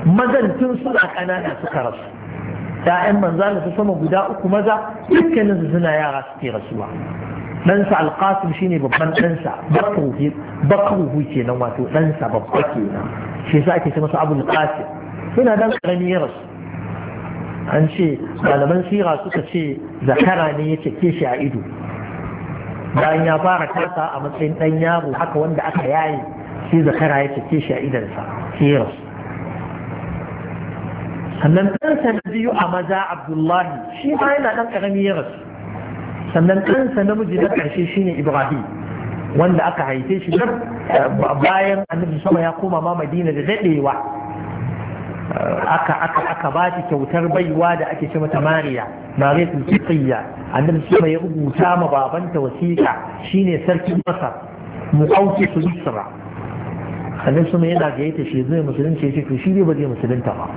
mazan tun suna ƙanana suka rasu manza da su sama guda uku maza dukkanin suna yara suke rasuwa ɗansa alƙasim ne babban ɗansa bakruhu kenan wato ɗansa babba kenan shi yasa ake ce masa abul qasim suna ɗan ƙarami ya rasu an ce malaman sira suka ce zakara ne ya cike shi a ido bayan ya fara tasa a matsayin ɗan yaro haka wanda aka yaye sai zakara ya cike shi a idonsa, sai ya rasu sannan ɗansa na biyu a maza abdullahi shi ma yana ɗan ƙarami ya rasu sannan ɗansa namiji na ƙarshe shine ibrahim wanda aka haife shi eh, bayan annabi sama ya koma ma madina da daɗewa eh, aka aka aka ba ta kyautar baiwa da ake ce mata mariya mariyatul qibtiyya annabi sama ya rubuta ma babanta wasiƙa shine sarkin masar muqawqis misra annabi sama yana gayyata shi zai musulunci ya ce to shi ne ba zai musulunta ba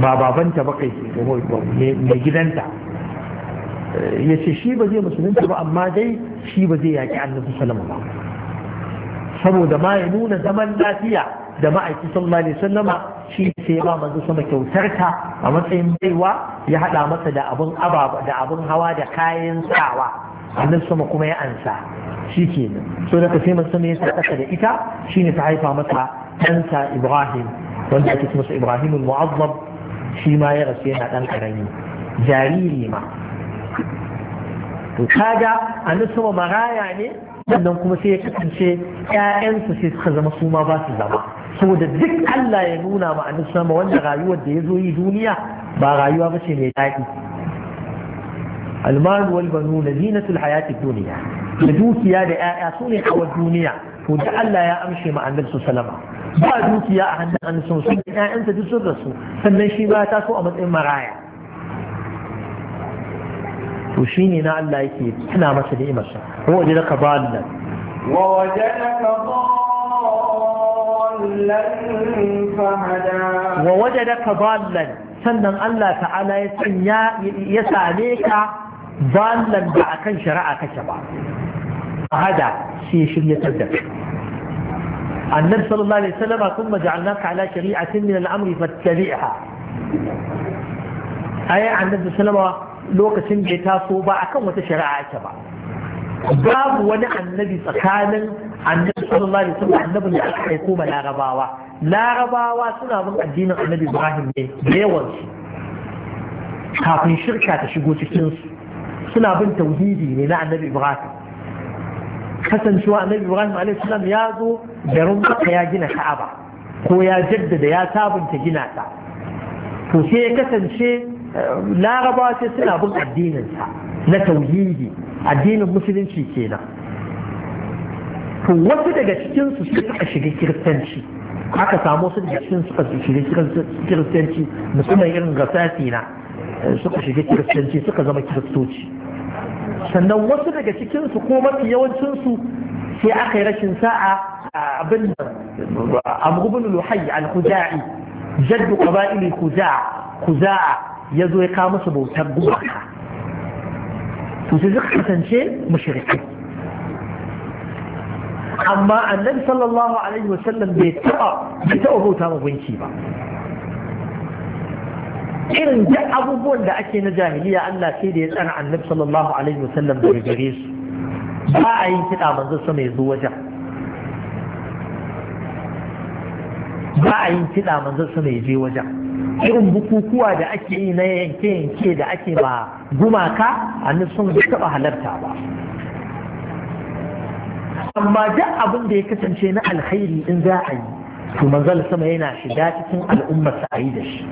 ba babanta ba kai mai gidanta eh, ya ce shi ba zai musulunta ba amma dai shi ba zai yaƙi annabi ba saboda ma ya nuna zaman lafiya da ma'aiki sallallahu alaihi sallama shi sai ba manzo sama kyautarta a matsayin baiwa ya haɗa masa da abin da abin hawa da kayan sawa annabi sama kuma ya ansa shi kenan so da sai masa sama ya sa da ita shine ta haifa masa ɗansa Ibrahim wanda ake masa Ibrahim al-Mu'azzam shi ma ya rasu yana ɗan ƙarami jariri ma to kaga a maraya ne sannan kuma sai ya kasance ƴaƴansu sai suka zama su ma ba su zama saboda duk Allah ya nuna ma a nusuma wanda rayuwar da ya zo yi duniya ba rayuwa ba ce mai daɗi almaru wal banu na zinatul hayati duniya da dukiya da ƴaƴa su ne kawar duniya to da Allah ya amshe ma annabi sallama ba dukiya a hannun annabi sun ƴaƴansa duk sun rasu sannan shi ba ta so a matsayin maraya to shine na Allah yake tuna masa da ni'imarsa wa wajadaka ballan wa wajadaka ballan fahada wa wajadaka ballan sannan Allah ta'ala ya sanya ya same ka ballan ba akan shari'a kake ba hada sai ya shiryatar da annabi sallallahu alaihi wasallam kuma ja'alnaka ala shari'atin min al-amri fattabi'ha ai annabi sallallahu lokacin da ya taso ba akan wata shari'a ake ba babu wani annabi tsakanin annabi sallallahu alaihi wasallam annabin da aka aiko ba larabawa larabawa suna bin addinin annabi ibrahim ne da yawan kafin shirka ta shigo cikin su suna bin tauhidi ne na annabi ibrahim kasancewa na ibrahim alaihissalam ya zo da maka ya gina ka'aba ko ya jaddada ya sabunta gina ta to sai ya kasance eh, larabawa sai suna bin addininsa na tauhidi addinin musulunci kenan to wasu daga cikinsu suka shiga kiristanci aka samu su daga cikin suka shiga kiristanci musamman irin gasasi na eh, suka shiga kiristanci suka zama kiristoci sannan wasu daga cikinsu ko mafi yawancinsu sai aka yi rashin sa'a a abin amrubin luhai al-kuza'i jaddu qaba'ili kuza'a ya zo ya kawo musu bautar gumaka to sai suka kasance mushrikai amma annabi sallallahu alaihi wasallam bai taba bai taba bauta ma gunki ba irin duk abubuwan da ake na jahiliya Allah sai da ya tsara annabi sallallahu alaihi wasallam da gare su ba a yi kiɗa manzo sama ya zo wajen ba a yi kiɗa manzo sama ya je wajen irin bukukuwa da ake yi na yanke-yanke da ake ba gumaka annabi sun bai taɓa halarta ba amma duk abin da ya kasance na alkhairi in za a yi to manzal sama yana shiga cikin al'ummar sa a yi da shi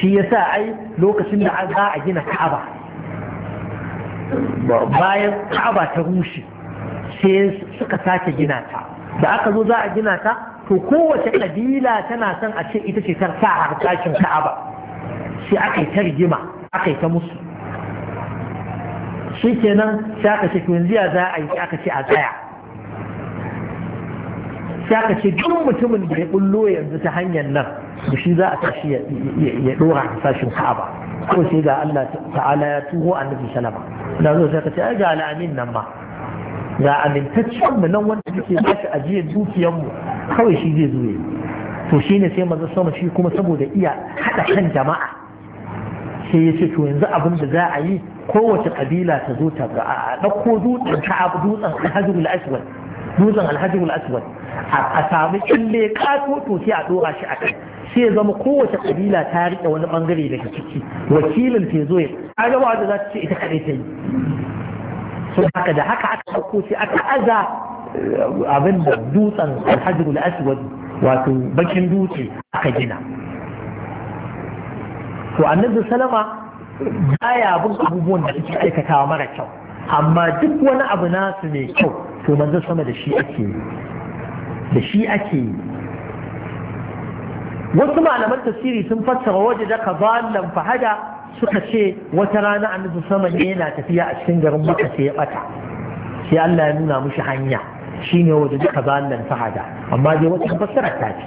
shi yasa ai lokacin da za a gina ka'aba bayan ka'aba ta rushe sai suka sake gina ta da aka zo za a gina ta to kowace kabila tana son a ce ita ce ta sa harkashin ka'aba sai aka yi ta rigima aka yi ta musu shi kenan sai aka ce za a yi aka ce a tsaya sai aka ce duk mutumin da ya bullo yanzu ta hanyar nan da shi za a tashi ya dora a sashin ka'aba ko sai ga Allah ta'ala ya tuho annabi salama na zo sai ka ce ga al'amin nan ma ga amintaccen mu nan wanda muke ba shi ajiyar dukiyar mu kawai shi zai zo To to shine sai manzo sama shi kuma saboda iya hada kan jama'a sai ya ce to yanzu abin da za a yi kowace kabila ta zo ta ga a ɗauko dutsen ka'ab dutsen hajjul aswad dutsen alhaji aswad a sami kille kato to sai a dora shi a kai sai ya zama kowace kabila ta riƙe wani bangare daga ciki wakilin ke zo ya kaga ba za ta ce ita kaɗai ta yi sun haka da haka aka ɗauko sai aka aza eh, abin da dutsen alhaji aswad wato bakin dutse aka gina to annabi salama baya bin abubuwan da suke aikatawa mara kyau amma duk wani abu nasu mai kyau to manzo sama da shi ake da shi ake yi wasu malaman tasiri sun fassara waje da kabalan fahada suka ce wata rana annabi sama ne yana tafiya a cikin garin maka sai ya bata sai Allah ya nuna mushi hanya shine waje da kabalan fahada amma dai wata fassara ta ce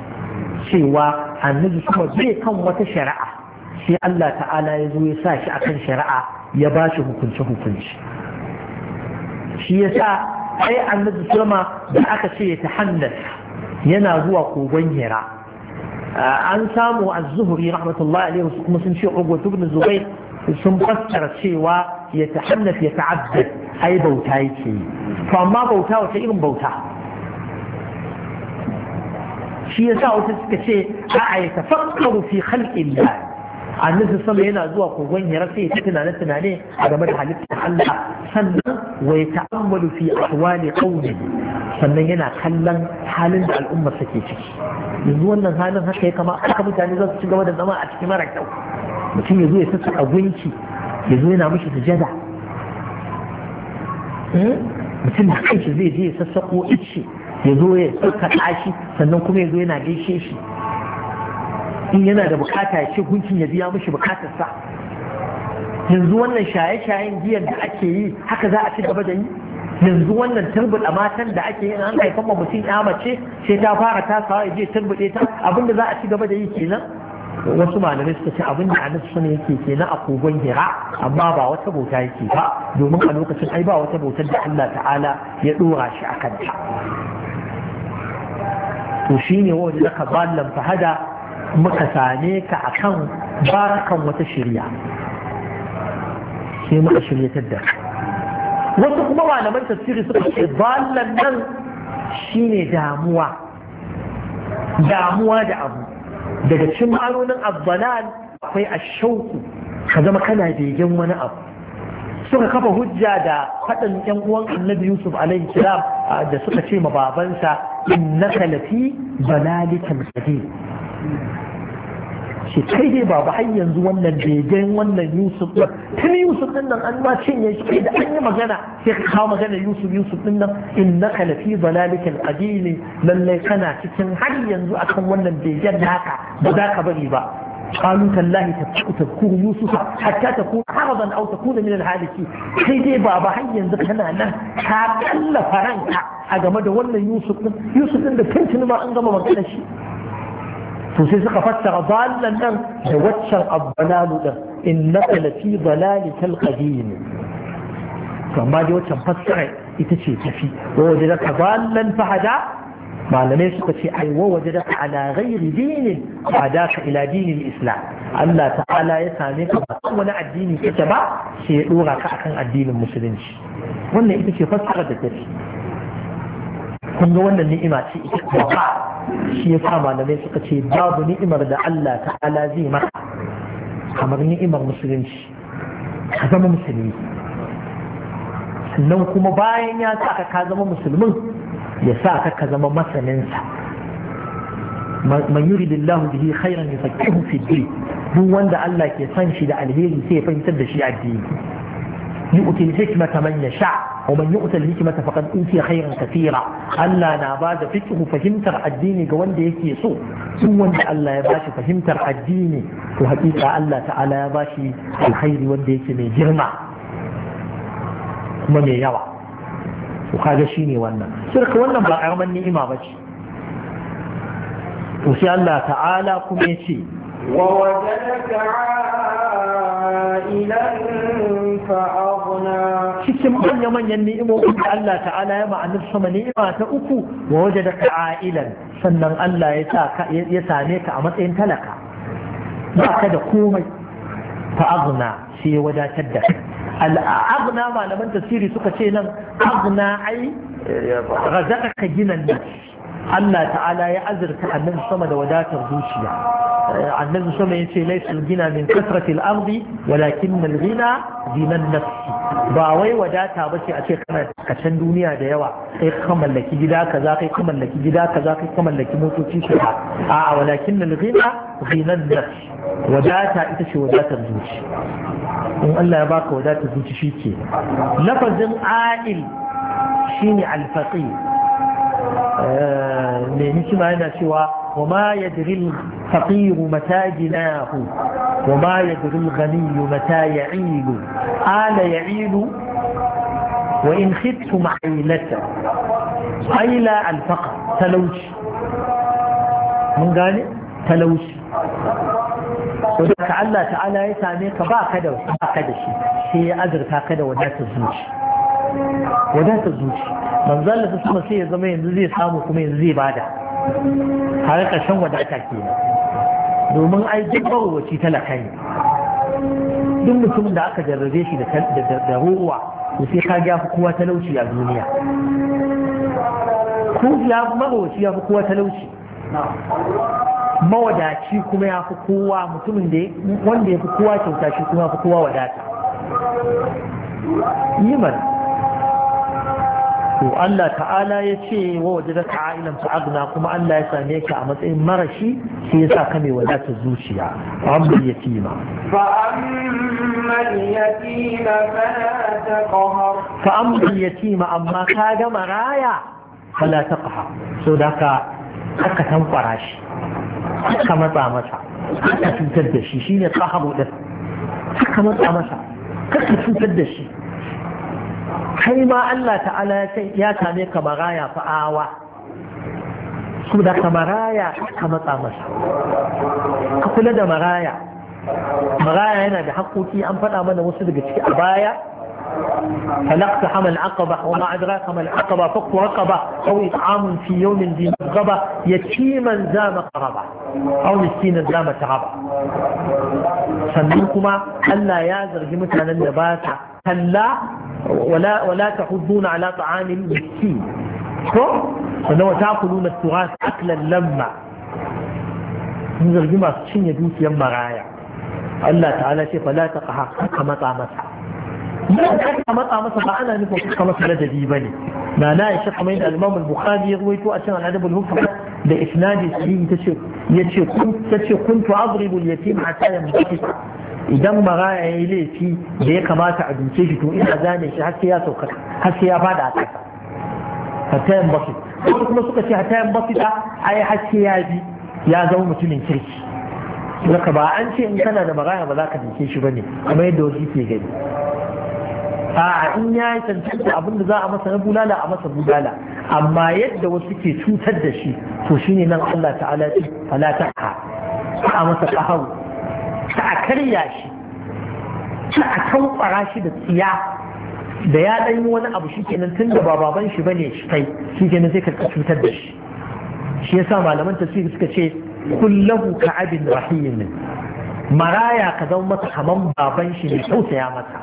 cewa annabi sama zai kan wata shari'a sai Allah ta'ala ya zo ya sa shi akan shari'a ya ba shi hukunci hukunci shi yasa ai annabi sama da aka ce ya tahannas yana zuwa kogon hira an samu az-zuhri rahmatullahi alaihi kuma sun ce ugwa ibn zubair sun fassara cewa ya tahannaf ya ta'addad ai bauta yake to amma bauta wata irin bauta shi yasa wata suka ce a'a ya tafakkaru fi khalqillah annabi sama yana zuwa kogon hira sai ya tunane tunane a game da halittar Allah sannan wai ya ta'ammalu fi ahwali qaumi sannan yana kallon halin da al'ummarsa suke ciki yanzu wannan halin haka ya kama aka mutane za su ci gaba da zama a cikin mara kyau mutum ya zo ya sassa abinci ya zo yana mishi sujada hmm? mutum da kanshi zai je ya sassaƙo ice ya zo ya sauka tashi sannan kuma ya zo yana gaishe shi in yana da bukata ya ce gunkin ya biya mishi bukatarsa yanzu wannan shaye-shayen giyar da ake yi haka za a ci gaba da yi yanzu wannan turbuɗa matan da ake yi an haifan ma mutum ya mace sai ta fara tasawa ya je turbuɗe ta abinda za a ci gaba da yi kenan wasu malamai suka ce abinda a sun yake kenan a kogon hira amma ba wata bauta yake ba domin a lokacin ai ba wata bautar da Allah ta'ala ya dora shi a kanta to shine wanda zaka ballan fahada muka same ka a kan barakan wata shirya sai muka shirya da wasu kuma malaman tafsiri suka ce ballan nan shine damuwa damuwa da abu daga cin ma'anonin abbalal akwai ashauku ka zama kana begen wani abu suka kafa hujja da faɗin yan uwan annabi yusuf alaihi salam da suka ce ma babansa innaka kalafi balalikin qadim shi kai dai baba har yanzu wannan begen wannan yusuf ɗin tun yusuf ɗin nan an ma cinye shi da an yi magana sai ka kawo magana yusuf yusuf ɗin nan in na kalafi zalalikin ƙadili lallai kana cikin har yanzu akan wannan begen haka ba za ka bari ba قالوا تالله تذكر يوسف حتى تكون عرضا او تكون من الهالكين sai dai baba har yanzu kana nan ka kalla faranka a game da wannan yusuf din yusuf da ma an gama magana shi to sai suka fassara dalan nan da waccan abbalalu din innaka lafi dalalikal qadim to amma dai waccan fassara ita ce tafi wa wajadaka dalan fahada malamai suka ce ai wa ka ala ghairi dinin fadaka ila dinil islam Allah ta'ala ya same ka ba kan wani addini kake ba sai ya dora ka akan addinin musulunci wannan ita ce fassara da tafi kun ga wannan ni'ima ce ita ba shi ya sa malamai suka ce babu ni'imar da Allah ta'ala zai maka kamar ni'imar musulunci ka zama musulmi sannan kuma bayan ya sa ka ka zama musulmin ya sa ka ka zama masaninsa man lillahu bihi khairan yufaqihu fi din duk wanda Allah ke san shi da alheri sai ya fahimtar da shi addini yu'til hikmata man yasha' ومن يؤتى الحكمة فقد أوتي خيرا كثيرا ألا ناباد فكه فهمتر الدين جوان دي يكي سوء سوى ألا يباشي فهمتر الدين وحقيقة ألا تعالى يباشي الخير وان دي يكي من جرمع من يوع وخاجة شيني وانا سرق وانا بقى أرمني إما بشي وسي الله تعالى كم يشي ووجدك عائلا فأغنى cikin manya-manyan ni'imomin da Allah ta'ala ya ma'anar sama ni'ima ta uku wa waje da ka'ilan sannan Allah ya same ka a matsayin talaka ba ka da komai ta agna sai ya wadatar da al'agna malaman tasiri suka ce nan agna ai razaka ka gina nasi Allah ta'ala ya azurta annan sama da wadatar zuciya eh, Annan sama ya ce laifin gina min kasratil ardi walakin nal gina zinan nafsi ba wai wadata ba ce a ce kana kacen duniya da yawa kai ka mallaki gida kaza kai ka mallaki gida kaza kai ka mallaki motoci su ba a'a walakin nal gina zinan nafsi wadata ita ce wadatar zuci in Allah ya baka wadatar zuci shi ke lafazin a'il shine alfaqir mai hikima yana cewa wa ma ya jiril faƙiru mata ginahu wa ma ya jiril ganiyu mata ya ilu ala ya ilu wa in khittu ma'ailata aila alfaqa talauci mun gane talauci wadda ka Allah ta'ala ya same ka ba ka da shi sai ya azurta ka da wadatar zuci wadatar zuci manzo Allah sai kuma sai ya zama yanzu zai samu kuma yanzu zai bada har karshen wadata kenan domin ai duk bawaci talaka ne duk mutumin da aka jarrabe shi da ruwa to sai ka ga kowa talauci a duniya ko ya mabawaci ya fi kowa talauci mawadaci kuma ya fi kowa mutumin da wanda ya fi kowa kyauta shi kuma ya fi kowa wadata yimar to Allah ta'ala ya ce wa waje da ka'ilan fa'agna kuma Allah ya same ka a matsayin marashi sai ya sa ka mai wadatar zuciya fa'amman yatima fa'amman yatima amma ka ga maraya fala ta ƙaha so da ka aka tamfara shi aka matsa masa aka cutar da shi shine ƙahabu ɗin aka matsa masa aka cutar da shi kai ma Allah ta'ala ya same ka maraya fa'awa su da ka maraya ka matsa masa ka kula da maraya maraya yana da haƙoƙi an faɗa mana wasu daga ciki a baya فلقت حمل عقبة وما أدراك ما العقبة فك رقبة أو إطعام في يوم ذي مغربة يتيما ذا مقربة أو مسكينا ذا متربة سميكما ألا يا زرجمت على النبات هلا ولا ولا تحضون على طعام المسكين فانه تاكلون التراث اكلا لما نزل جمعة شن يدوس يما غاية الله تعالى شيء فلا تقها حق مطعم مسا لا مطع مطعم فأنا أنا حق مسا لدى دي بني ما لا يشق من المام البخاري يغويت أشان العدب الهفر لإسناد السليم تشي يتشي كنت تشي كنت أضرب اليتيم حتى يمتشي idan maraya ya yi laifi da ya kamata a duke shi to ina zane shi har sai ya sauka har sai ya fada a ƙasa hatayen basit wasu kuma suka ce hatayen basita ai har sai ya bi ya zama mutumin kirki saka ba an ce in kana da maraya ba za ka duke shi ba ne kuma yadda wasu ke gani a in ya yi cancanta abin da za a masa na bulala a masa bulala amma yadda wasu ke cutar da shi to shine nan Allah ta'ala ce fala ta'a a masa qahaw ta a karya shi ta a tankwara shi da tsiya da ya ɗan yi wani abu shi kenan tun da bababan shi ne shi kai shi kenan sai ka cutar da shi shi yasa malaman tasiri suka ce kullahu ka abin, rahimin maraya ka zama masa kaman baban shi ne tausaya masa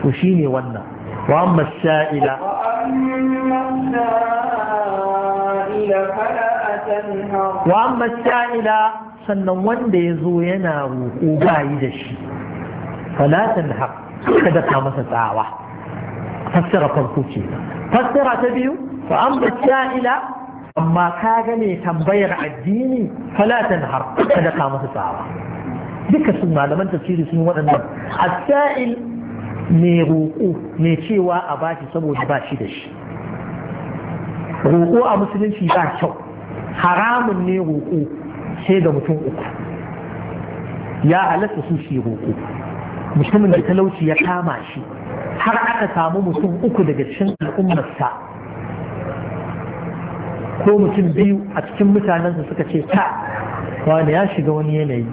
to ne wannan wa amma sha'ila wa amma sha'ila sannan wanda ya zo yana roƙo bayi da shi falatan haƙ kada ka masa tsawa fassara farko ce fassara ta biyu fa amma sha'ila amma ka gane tambayar addini falatan haƙ kada masa tsawa sun sun waɗannan mai roƙo mai cewa a bashi saboda ba shi da shi roƙo a musulunci ba kyau haramun ne roƙo sai da mutum uku ya halatta su shi roƙo mutumin da talauci ya kama shi har aka samu mutum uku daga cikin al'ummarsa ko mutum biyu a cikin mutanensa suka ce ta wani ya shiga wani yanayi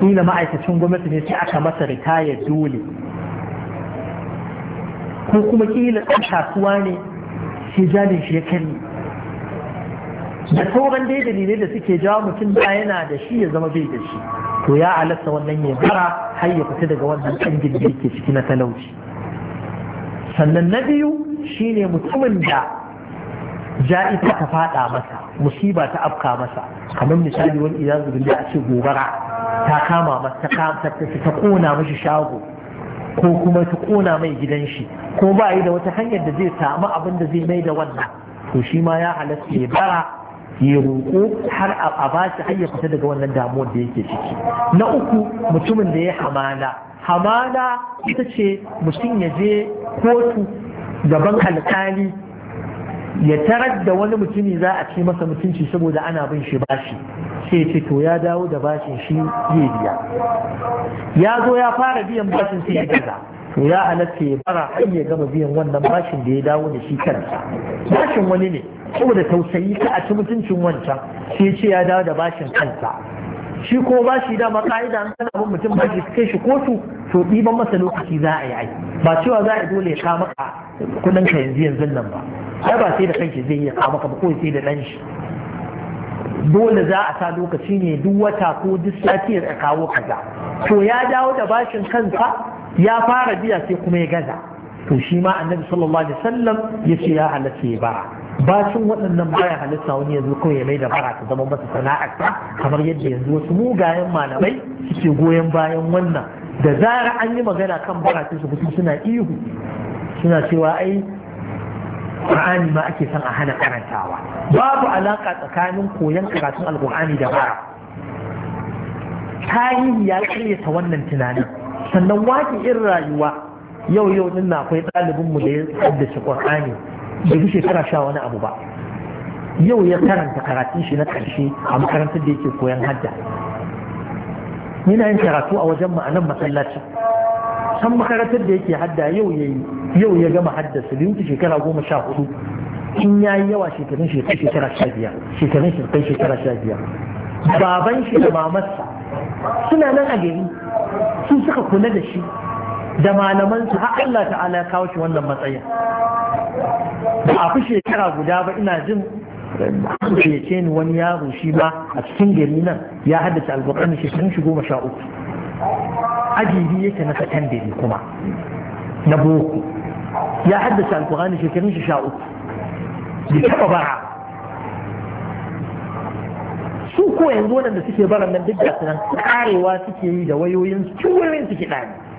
kila ma'aikacin gwamnati ne sai aka masa ritaya dole ko kuma kila ɗan kasuwa ne sai jalin shi ya kari da sauran dai dalilai da suke jawo mutum da yana da shi ya zama bai da shi to ya alasta wannan ya bara har ya fita daga wannan ƙangin da yake ciki na talauci sannan na biyu shine mutumin da ja'ita ta faɗa masa musiba ta afka masa kamar misali wani idan zubin da a ce gobara ta kama masa ta kona mashi shago ko kuma ta kona mai gidan shi ko ba yi da wata hanyar da zai samu abin da zai mai da wannan to shi ma ya halatta ya bara ya roƙo har a ba shi har ya fita daga wannan damuwar da yake ciki na uku mutumin da ya hamana, hamana ita ce mutum ya je kotu gaban alkali ya tarar da wani mutumi za a ci masa mutunci saboda ana bin shi bashi sai ce to ya dawo da bashin shi ya biya ya zo ya fara biyan bashin sai ya gaza to ya halatta ya bara har ya gama biyan wannan bashin da ya dawo da shi kansa bashin wani ne saboda tausayi ka a ci mutuncin wancan sai ce ya dawo da bashin kansa shi ko ba shi dama ka'ida an kana mutum ba shi kai shi kotu to ɗiban masa lokaci za a yi ai ba cewa za a dole ya ka maka kudin ka yanzu yanzu nan ba ai ba sai da kanki zai iya ka maka ba ko sai da ɗan shi dole za a sa lokaci ne duk wata ko duk sati ya kawo kaza to ya dawo da bashin kansa ya fara biya sai kuma ya gaza to shi ma annabi sallallahu alaihi wasallam ya ce ya halatta ya bara bacin waɗannan baya halitta wani yanzu kawai ya mai da bara ta zama masa sana'arsa kamar yadda yanzu wasu mugayen malamai suke goyon bayan wannan da zara an yi magana kan bara su fito suna ihu suna cewa ai Qur'ani ma ake son a hana karantawa babu alaka tsakanin koyon karatun alkur'ani da bara tarihi ya karyata wannan tunanin sannan wake irin rayuwa yau yau din na akwai ɗalibin mu da ya haddace Qur'ani bai shekara sha wani abu ba yau ya karanta karatun shi na ƙarshe a makarantar da yake koyan hadda yana yin karatu a wajen nan masallaci san makarantar da yake hadda yau ya yau ya gama haddasa su biyu shekara goma sha hudu in ya yi yawa shekarun shekara sha biyar shekarun shekara sha biyar baban shi da mamarsa suna nan a gari su suka kula da shi da malamansu har Allah ta'ala ya kawo shi wannan matsayin ba a fi shekara guda ba ina jin ce ni wani yaro shi ba a cikin gari nan ya haddace alburani shi sun goma sha uku ajibi yake na sakandare kuma na boko ya haddace alburani shekarun shi sha uku bai taɓa bara su ko yanzu waɗanda suke baran nan duk da nan karewa suke yi da wayoyin su cikin wayoyin suke ɗani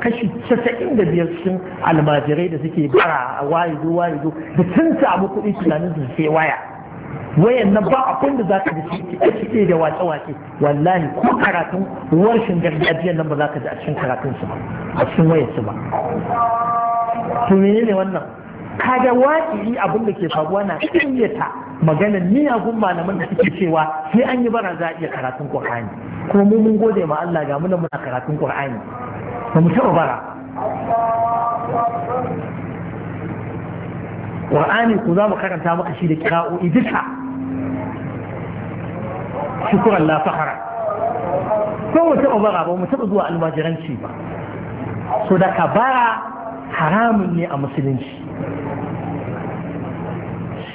kashi casa'in da biyar cikin almajirai da suke bara a wayo wayo da sun samu kuɗi tunanin su sai waya wayan nan ba abin da za ka ji cike da wace wace wallahi ko karatun warshin gargajiyar nan ba za ka ji a cikin karatun su ba a cikin wayar su ba to menene wannan kaga waƙi abin da ke faruwa na ƙaryata maganar gumma na da suke cewa sai an yi bara za a iya karatun Qur'ani kuma mu mun gode ma Allah ga mun muna karatun Qur'ani ba mu taɓa bara ƙur'ani ku za mu karanta maka shi da kira'o'i duka shukuran la ko mu taɓa bara ba mu taɓa zuwa almajiranci ba so da ka bara haramun ne a musulunci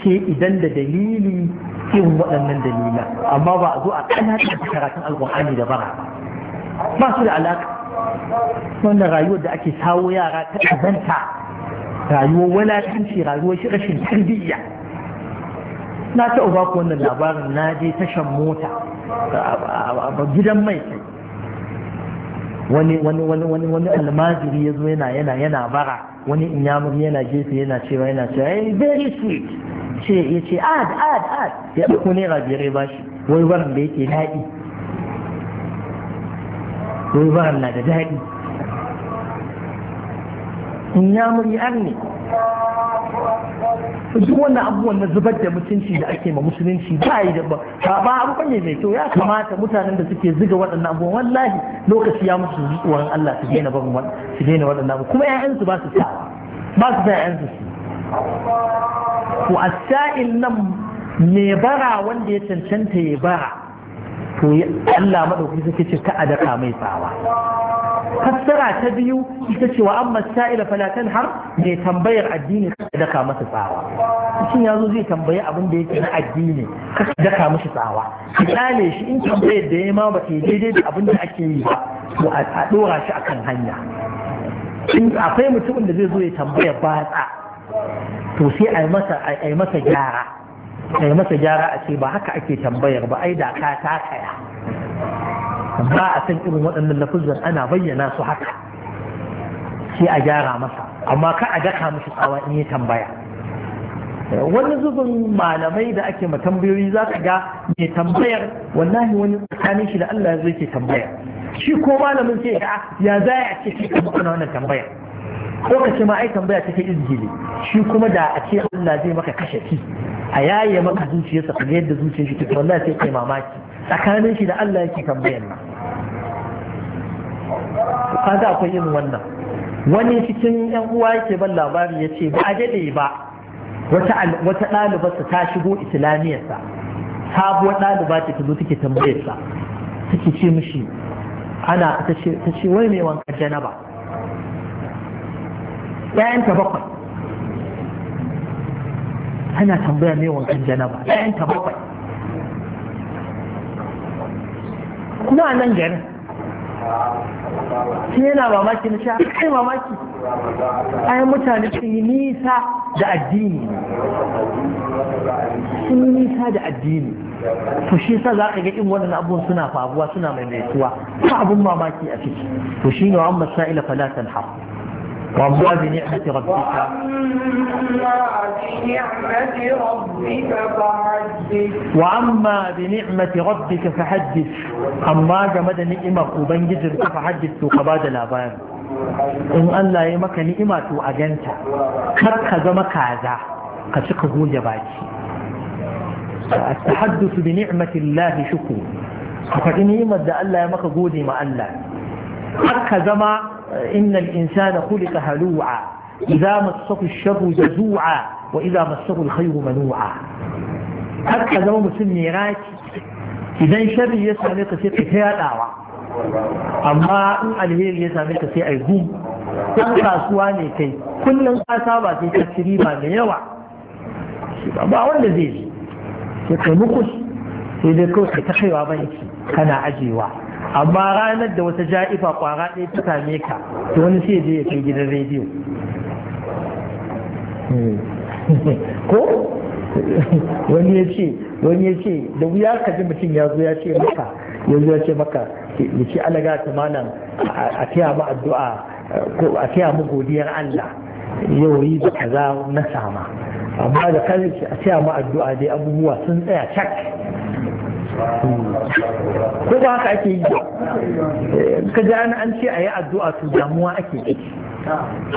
sai idan da dalili irin waɗannan dalila amma ba a zo a ƙanatar karatun alƙur'ani da bara ba su da alaƙa wanda rayuwar da ake kawo yara ta kazanta rayuwar walakanci rayuwar shi rashin tarbiyya na ta uba ku wannan labarin na je tashan mota a gidan mai kai wani wani wani wani almajiri ya zo yana yana yana bara wani inyamuri yana gefe yana cewa yana cewa hey eh, very sweet ce ya ce ad ad ad ya ɗauko naira biyar ya bashi wai wannan da yake daɗi wai ba Allah da daɗi in ya muri ne duk wannan abubuwan na zubar da mutunci da ake ma musulunci ba yi da ba ba abu ne mai kyau ya kamata mutanen da suke ziga waɗannan abubuwan wallahi lokaci ya musu tsoron Allah su daina barin su daina waɗannan abu. kuma ƴaƴansu ba su sa ba su sa ƴaƴansu su to a sha'il nan me bara wanda ya cancanta ya bara to Allah madauki sai ce ta adaka mai tsawa fassara ta biyu ita ce wa amma sa'ila fala har mai tambayar addini ka daka masa tsawa shin yazo zai tambayi abin da yake na addini ka daka masa tsawa ki kale shi in tambayar da yayi ma ba ke daidai da abin da ake yi ba to a dora shi akan hanya in akwai mutumin da zai zo ya tambaya batsa to sai a yi masa gyara kai masa gyara a ce ba haka ake tambayar ba ai da ka ta kaya ba a san irin waɗannan lafuzan ana bayyana su haka sai a gyara masa amma ka a daka mishi tsawa in yi tambaya wani zubin malamai da ake ma tambayoyi za ka ga mai tambayar wallahi wani tsakanin shi da Allah zai ke tambaya shi ko malamin sai ga ah, ya zaya a ce shi kuma kana wannan tambayar ko ka ce ma ai tambaya take izgili shi kuma da a ce Allah zai maka kashe ki. a yaye maka zuciyarsa ka ga yadda zuciyar shi take wallahi sai kai mamaki tsakanin shi da Allah yake tambayar nan kaga akwai irin wannan wani cikin yan uwa yake ban labari ya ce ba a dade ba wata ɗalibarsa ta shigo islamiyarsa sabuwar ɗaliba ce ta zo take tambayarsa take ce mishi ana ta ce wai mai wankan janaba 'ya'yanta bakwai tana tambaya mai wankan janaba ɗayan bakwai kuma a nan garin shi yana mamaki na sha kai mamaki ai mutane sun yi nisa da addini sun yi nisa da addini to shi sa za ka ga in wannan abubuwan suna faruwa suna maimaituwa ta abun mamaki a ciki to shi ne wa amma falatan har وأما بنعمة ربك وأما بنعمة ربك فحدث أما جمد نئمة جزر فحدث وقباد الأبان إن لا يمك نئمة أجنت كتك زمك هذا كتك هو جباجي التحدث بنعمة الله شكو فإن أن لا يمك قولي ما لا كتك زمك إن الإنسان خلق هلوعا إذا مسه الشر جزوعا وإذا مسه الخير منوعا حتى لو مسلم يراك إذا شر يسمى تسيق في الدعوة أما إن الهيل يسمى تسيق الهوم كل تاسواني كي كل تاسابا في تسريبا ليوع أما أولا زيزي يكون مقص إذا كنت تخيوا بيكي أنا عجيوا amma ranar da wata ja'ifa kwara ɗaya ta same ka to wani sai je ya kai gidan rediyo hmm. ko wani ya ce wani ya ce da wuya ka ji mutum ya zo ya ce maka ya zo ya ce maka ya ce alaga ta malam a taya mu addu'a ko a taya mu godiyar Allah yau yi da kaza na sama amma da kan a taya mu addu'a dai abubuwa sun tsaya cak ko ba haka ake yi eh, ka ji ana an ce a yi addu'a to damuwa ake yi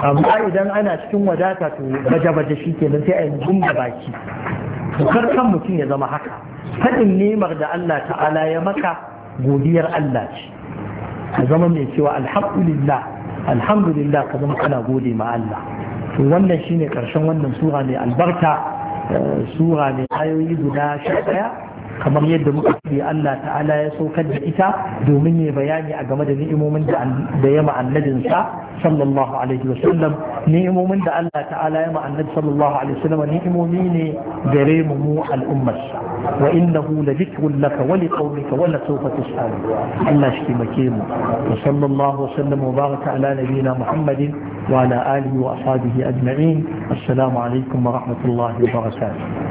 amma idan ana cikin wadata to baje-baje shi kenan sai a yi gumba baki kar kan mutum ya zama haka faɗin nemar da Allah ta'ala ya maka godiyar Allah ce ka zama mai cewa alhamdulillah alhamdulillah ka zama kana gode ma Allah to wannan shine karshen wannan sura mai albarka eh, sura mai ayoyi guda sha ɗaya kamar yadda muka ce Allah ta'ala ya saukar da ita domin ya bayani a game da ni'imomin da ya ma'annadin sa sallallahu alaihi wa sallam ni'imomin da Allah ta'ala ya ma'annad sallallahu alaihi wa sallam ni'imomi ne gare mu mu al'ummar sa wa innahu la dhikrun laka wa li qaumika wa la sawfa tus'al Allah shi make mu sallallahu wa sallam wa baraka ala nabiyyina Muhammadin wa ala alihi wa ashabihi ajma'in assalamu alaikum wa rahmatullahi wa barakatuh